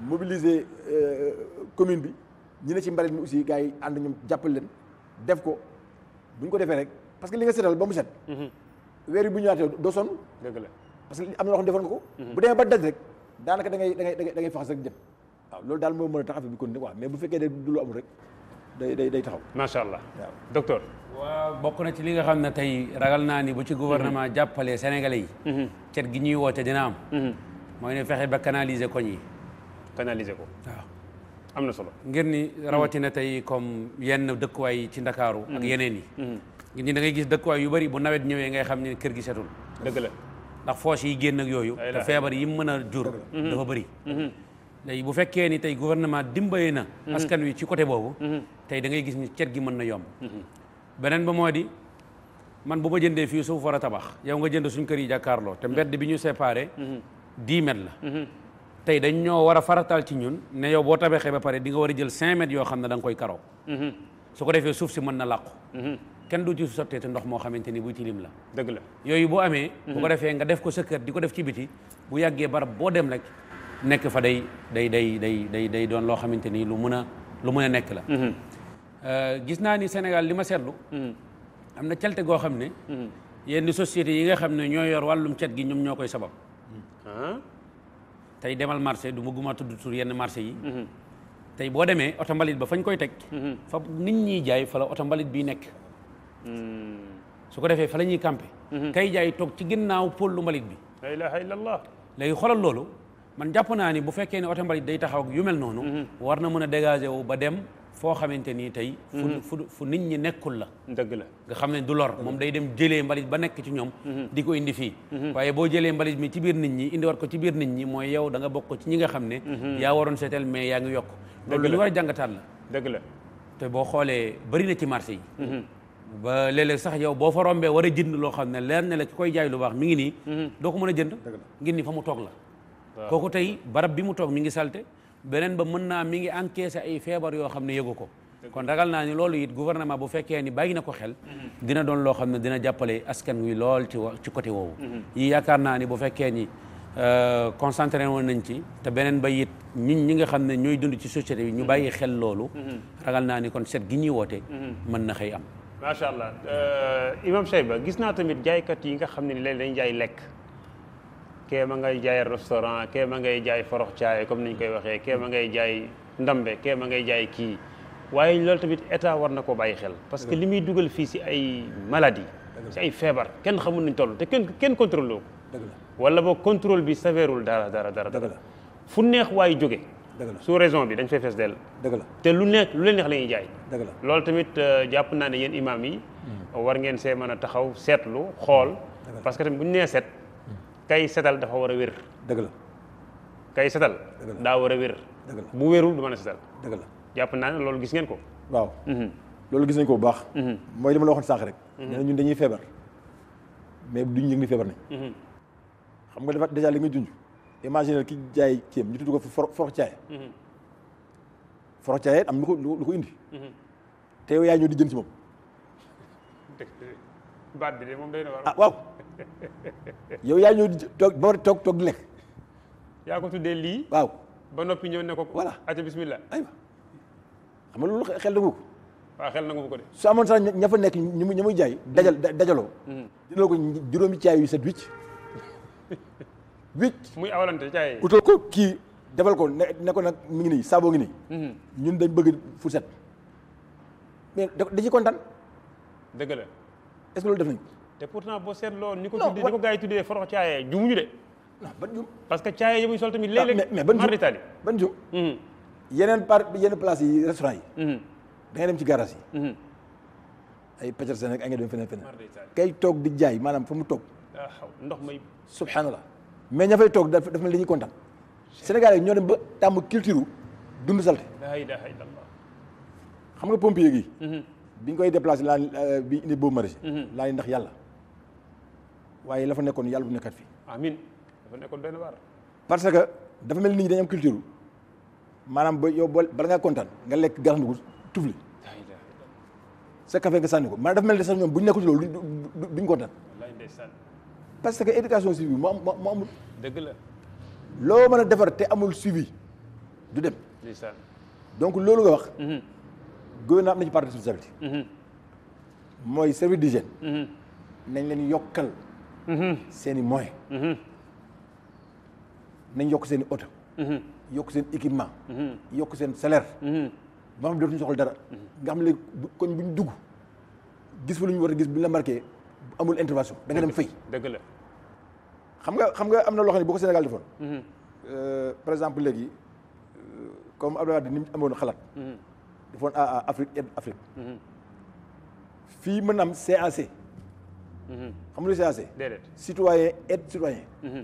C: mobiliser euh, commune bi ñu ne ci mbalit mi aussi gars yi ànd ñoom jàppal def ko bu ñu ko defee rek parce que li nga seetal ba mu set. Mhm. weer bu ñëwaatee doo sonn. dëgg la parce que am na mhm. da da ngay da ngay faxas rek jëm waaw a tax affaire bi continuer quoi mais
B: bokk na ci li nga xam ne tey ragal naa ni bu ci gouvernement mhm. jàppalee Sénégalais yi. cet gi ñuy woote dina am. mooy ne fexe ba canaliser koñ yi. pénaliser ko waaw am na solo ngir ni rawatina tey comme yenn dëkkuwaay yi ci ndakaaru ak mm-hmm. yeneen yi mm-hmm. ngir ni da ngay gis dëkkuwaay yu bari bu nawet ñëwee ngay xam ne kër gi setul dëgg la ndax foos yi génn yooyu te feebar yi mën a jur dafa mm-hmm. bari léegi bu fekkee ni tey gouvernement dimbaye na askan wi ci côté boobu tey da ngay gis ni cet gi mën na yomb beneen ba moo di man bu ma jëndee fii suuf war a tabax yow nga jënd suñ kër yi jàkkaarloo te mbedd bi ñu séparé dix la tey dañ ñoo war a farataal ci ñun ne yow boo tabaxee ba pare di nga war a jël cinq mètres yoo xam ne da nga koy karoo mhm. su ko defee suuf si mën na làqu mhm. kenn du ci sottee te ndox moo xamante ni buy tilim la dëgg la yooyu bu amee bu ko mhm. defee nga def ko sa kër di ko def ci biti bu yàggee barab boo dem rek nekk fa day day day day day day doon loo xamante ni lu mën a lu mën a nekk la euh, gis naa ni Sénégal li ma seetlu am na calte goo xam ne yenn sociétés yi nga xam ne ñoo yor wàllum cet gi ñoom ñoo koy sabab ah. tey demal marché du ma guma tudd yenn marché yi mhm. tey boo demee oto mbalit ba fañ koy teg mhm. fa nit ñiy jaay fala oto mbalit bi nekk mm. su ko defee fa la ñuy campé mhm. kay jaay toog ci ginnaaw pollu mbalit bi la ilaha illallah léegi xoolal loolu man jàpp naa ni bu fekkee ne oto mbalit day taxaw ak yu mel noonu war na mën a dégager wu ba dem foo xamante nii tey mhm. fu fu nit ñi nekkul la dëgg la nga xam ne du lor mhm. moom day dem jëlee mbalit ba nekk ci ñoom mhm. di ko indi fii waaye boo jëlee mbalit mi ci biir nit ñi indi war ko ci biir nit ñi mooy yow danga nga bokk ci ñi nga xam ne yaa waroon seetal mais yaa ngi yokk loolu lu war a jàngataat la la te boo xoolee bëri na ci marché yi ba léeg sax yow boo fa rombee war a jënd loo xam ne leer na la ki koy jaay lu baax mi ngi nii doo ko mën a jënd ngir ni fa mu toog la kooku tey barab bi mu toog mi ngi salte beneen ba mën naa mi ngi encaissé ay feebar yoo xam ne yëgu ko kon ragal naa ni loolu it gouvernement bu fekkee ni bàyyi na ko xel mm-hmm. dina doon loo xam ne dina jàppale askan wi lool ci ci côté woowu mm-hmm. yi yaakaar naa ni bu fekkee ni euh, concentré woon nañ ci te beneen ba it ñun ñi nga xam ne ñooy dund ci société yi ñu bàyyi mm-hmm. xel loolu ragal naa ni kon set gi ñuy woote mën na xëy am
A: macha allah euh, imam Cheyba gis naa tamit jaaykat yi nga xam ne ni dañ jaay lekk kee ma ngay jaay restaurant kee ma ngay jaay forox caaye comme ni ñu koy waxee kee ngay jaay ndambe kee ngay jaay kii waaye loolu tamit état war na ko bàyyi xel parce que li muy dugal fii si ay maladie si ay feebar kenn xamul nañ toll te kenn kenn contrôle ko wala boog bi sévèrul dara dara dara dara fu neex waay jóge su raison bi dañ fay fees dell te lu nekk lu leen neex la ñuy jaay loolu tamit euh, jàpp naa ne yéen imaam yi hmm. war ngeen see mën a taxaw seetlu xool parce que tamit bu ñu set kay setal dafa war a wér. dëgg la kay setal. daa war a wér. dëgg la bu wérul du mën a setal. dëgg la naa loolu gis ngeen ko.
C: waaw. Mhm. loolu gis nañ ko bu baax. Mhm. mooy li ma la mhm. dañuy feebar mais duñ yëg xam nga dafa dèjà li nga junj imaginer ki jaay ceeb ñu tudd ko forox caaye. forox caaye am lu ko indi. te yow yaa di jën ci moom.
A: baat bi de moom day na ah, waaw.
C: yow yaa ñëw toog boor toog toog di lekk.
A: yaa ko tuddee lii. waaw ba noppi ñëw ne ko. voilà ayca bismillah. aywa xam xel nangu ko. waaw xel nangu ko de.
C: su amoon sax ña fa nekk ñu mu ñu muy jaay. Mm-hmm. dajal dajaloo. dina mm-hmm. ko juróomi caay yu set wicc. [LAUGHS] wicc muy awalante caay yi. utal ko kii defal ko ne ne ko nag mi ngi nii saaboo ngi nii. Mm-hmm. ñun dañ bëgg fu set. mais da da ciy kontaan. loolu def nañ
A: te pourtant boo seetloo ni ko tuddee ni ko
C: gars yi tuddee forox caayee jumuñu de. ban jum parce que caayee yi muy sol tamit ah, léeg-léeg. ba ban jum mhm. yeneen par yenn place yi restaurant yi. Mhm. da ngay dem ci garage yi. Mhm. ay Petersen ak ay nga dem toog di jaay maanaam fa toog. Ah, ndox may. subhanallah mais ña toog dafa dafa mel ni dañuy kontaan. Sénégal yi ñoo dem ba tàmm culture dund salte. xam nga pompier gi. bi ñu koy déplacé laa euh, bi indi boobu maraîcher. laa ni ndax yàlla. waaye la fa nekkoon yàlla bu nekkat fi amiin
A: dafa nekkoon benn waar
C: parce que dafa mel ni nit ñi dañu am culture maanaam ba yow bala ngaa kontaan nga lekk galax ndugu tufli sa café nga sànni ko maanaam dafa mel ni sax ñoom bu ñu nekkul ci loolu duñ kontaan parce que éducation civique moo am moo amul dëgg la loo mën a defar te amul suivi du dem donc loolu nga wax mhm. gouvernement am na ci part de responsabilité mhm. mooy service d'hygiène mhm. nañ leen yokkal Mm-hmm. seen i moyens. Mm-hmm. nañ yokk seen i mm-hmm. yokk seen équipement. yokk seen salaire. ba mu dootuñu soxla dara. xam ne kon bu ñu dugg gis fa lu ñu war a gis bu ñu la marqué amul intervention da nga dem fay. xam nga xam nga am na loo xam ne boo ko Sénégal defoon. Euh, par exemple léegi euh, comme Abdoulaye Wade ni xalaat. defoon Afrique fii mën na CAC. Mhm. xam nga lu CAC. déedéet citoyen aide citoyen. Mhm.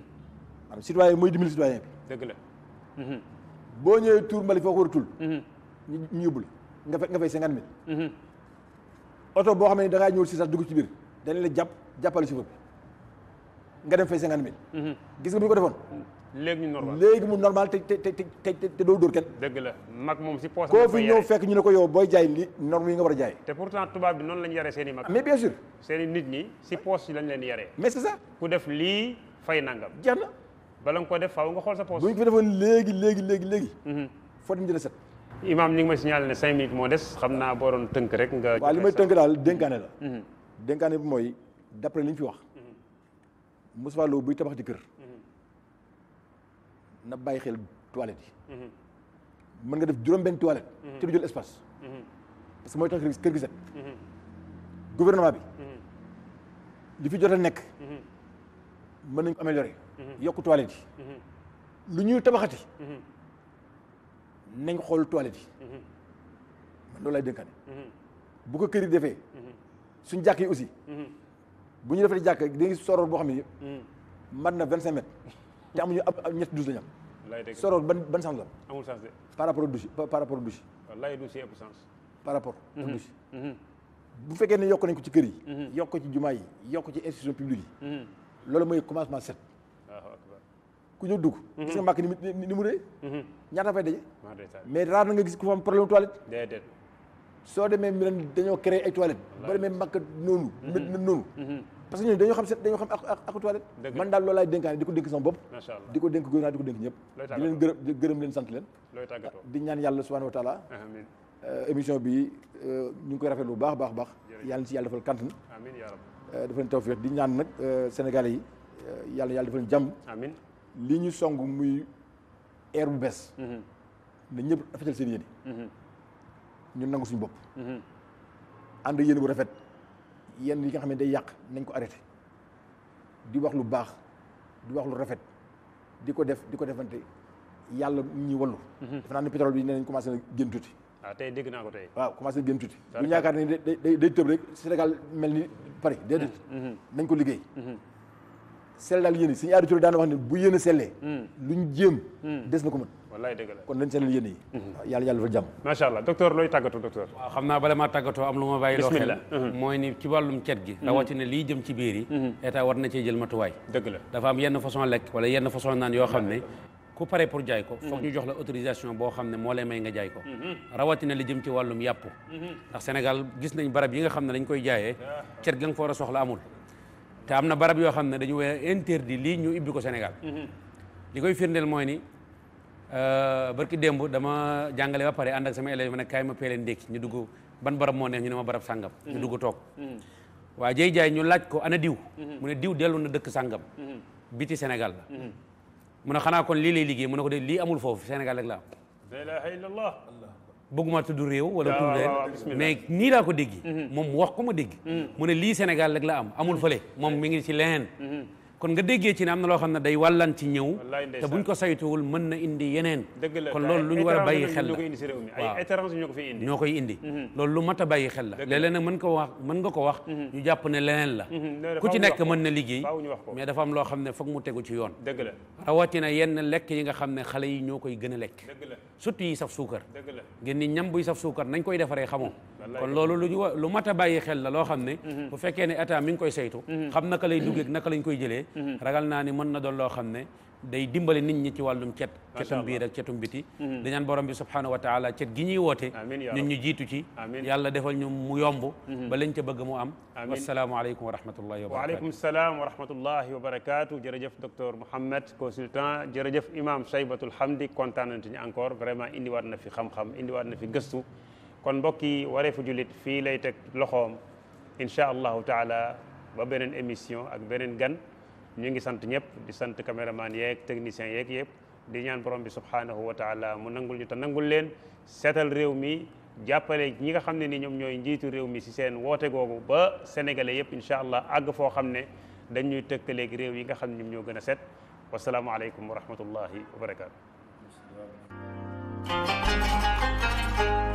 C: citoyen mooy dimbali citoyen bi. Mhm. boo ñëwee tuur mbali foo ko war a tul. ñu ñu yóbbu la nga fay nga fay cinquante mille. oto boo xam ne da ngaa si sax dugg ci biir dañ la jàpp jàppale chauffeur bi nga dem fay cinquante mille. gis nga bu ñu ko defoon. léegi ñu normal léegi mu normal te te te te doo dóor kenn. dëgg la mag moom si poosam koo fekk ñu ne ko yow booy jaay li norme yi nga war a jaay. te
A: pourtant tubaab bi noonu la ñu yaree seen i mag. mais bien sûr. seen i nit ñi si poos yi lañ leen yare mais c'est ça. ku def lii fay nangam. ngam na. bala nga ko def faaw nga xool sa poos. bu ñu ko
C: defoon léegi léegi léegi
A: léegi. Mhm. foo dem jëlee set. imaam ñu ngi ma signalé ne cinq minutes moo des xam naa boo doon tënk rek nga.
C: waaw li may tënk daal dénkaane la. Mhm. dénkaane bi mooy d'après li ñu fi wax. Mhm. Moussa Lo buy tabax di kër na bàyyi xel toilette yi. Mhm. mën nga def juróom-benn toilette. te mhm. du jël espace. Mhm. parce mooy tax kër gi set. bi. li fi jot a nekk. mën nañ ko améliorer. yokk toilette yi. lu ñuy tabaxati. nañ xool toilette
D: yi. man
C: loolu laay dénkaane. bu ko kër yi defee. suñ jàkk yi aussi. bu ñu defee jàkk da ngay soror boo xam ne. mat na vingt cinq te amuñu ab ñetti douche lañu am. soror ban ban sens la. amul sens de. par rapport douche par bu fekkee ne yokk nañ ko ci kër yi. Mhm. yokk ci jumaa yi yokk ci institution publique yi. Mhm. loolu mooy commencement set. ku ñëw dugg. Mhm. gis nga màkk ni mu ni mu dee. ñaata fay daje. mais raar na nga gis ku fa problème toilette. déedéet. soo demee mi dañoo créé ay toilettes. ba demee màkk noonu. noonu. parce que ñun dañoo xam set dañoo xam ak ak toilette man daal loolu laay dénkaane di ko dénk sama bopp di ko dénk gouvernement di ko dénk ñëpp di leen gërëm leen sant leen di ñaan yàlla subhanahu euh, émission bi euh, ñu ngi koy rafet bu baax baax baax yàlla na si yàlla defal kàttan euh, dafa leen di ñaan nag sénégalais yi yàlla yàlla dafa jàmm amiin li ñu song muy air bu bees mhm. na ñëpp rafetal seen yéene mhm. ñu nangu suñu bopp mhm. ànd yéene bu rafet yenn yi nga xam ne day yàq nañ ko arrêté di wax lu baax di wax lu rafet di ko def di ko defante yàlla ñi wallu mhm. dafa naa ne pétrole bi nee nañ commencé na gën tuuti
A: waaw ah, tey dégg naa ko tey
C: waaw commencé na gën tuuti bu ñu yaakaar ne day day tëb rek Sénégal mel ni Paris mhm, mhm. ko liggéey sell daal yéene suñu aaditoro daana wax ne bu yéene sellee lu ñu jéem des na ko mën wallaay dëgg la kon nañ seen yéene yi mhm. yàlla yàlla fa jàmm
B: macha allah docteur looy tàggatoo docteur waaw xam naa bala maa tàggatoo am lu ma bàyyi loo xel mhm. mooy ni ci wàllum cet gi mhm. rawatina lii jëm ci biir yi état war na cee jël matuwaay dëgg la dafa am yenn façon lekk wala yenn façon naan yoo xam ne ku pare pour jaay ko foog ñu jox autorisation boo xam ne moo lay may nga jaay ko rawatina li jëm ci wàllum yàpp ndax Sénégal gis nañ barab yi nga xam ne dañ koy jaayee ah. cet ga nga ko war a soxla a Euh, barki démb dama jàngale ba pare ànd ak sama élèves ma ne kaay ma pee leen ndékki ñu dugg ban barab moo neex ñu ne ma barab sàngam mm-hmm. ñu dugg toog mm-hmm. waa jay jaay ñu laaj ko ana diw mm-hmm. mu diw dellu na dëkk sàngam biti Sénégal la mu xanaa kon lii lay liggéey mu ko de lii amul foofu Sénégal rek la am
A: ilaha illallah
B: bëgguma tudd réew wala tudd leen mais nii laa ko déggi moom wax ko ma dégg mu ne lii Sénégal rek la am amul fële moom mi ngi ci leneen kon nga déggee ci ne am na loo xam ne day wàllan ci ñëw te buñ ko saytuwul mën na indi yeneen kon loolu lu ñu war a bàyyi xel la ay étrange ko fi indi ñoo koy indi mhm. loolu lu a bàyyi xel la ko wax mën nga ko wax mhm. jàpp ne leneen la mhm. ci nekk mën na liggéey mais dafa am loo xam ne foog mu tegu ci yoon dëgg la rawatina yenn lekk yi nga xam ne xale yi ñoo koy gën a lekk surtout yi saf suukar ngeen ni ñam buy saf suukar nañ koy defaree xamoo kon loolu lu ñu lu mat a bàyyi xel la loo xam ne bu fekkee ne état mi ngi koy saytu xam naka lay duggee naka lañ koy jëlee Mm-hmm. ragal naa ni mën na doon loo xam ne day dimbali nit ñi ci wàllum cet cetum biir ak cetum biti mm-hmm. dañaan borom bi subhanahu wa taala cet gi ñuy woote ñun ñu jiitu ci yàlla defal ñu mu yomb mm-hmm. ba lañ ca bëgg mu am wasalaamualeykum wa rahmatullahi wa waaleykum
A: salaam wa rahmatullahi wa barakatu jërëjëf docteur Mouhamed consultant jërëjëf imam Chaybatul Hamdi kontaan nañu ci encore vraiment indiwaat na fi xam-xam indiwaat na fi gëstu kon mbokk yi wareefu jullit fii lay teg loxoom incha allah taala ba beneen émission ak beneen gan ñu ngi sant ñëpp di sant caméraman yeeg technicien yeeg yëpp di ñaan borom bi subhaanahu wa taala mu nangul ñu ta nangul leen seetal réew mi jàppale ñi nga xam ne ni ñoom ñooy njiitu réew mi si seen woote googu ba sénégalais yëpp incha allah àgg foo xam ne dañuy tëkkaleeg réew yi nga xam ne ñoom ñoo gën a set wasalaamualeykum wa rahmatullahi wa barakaatu.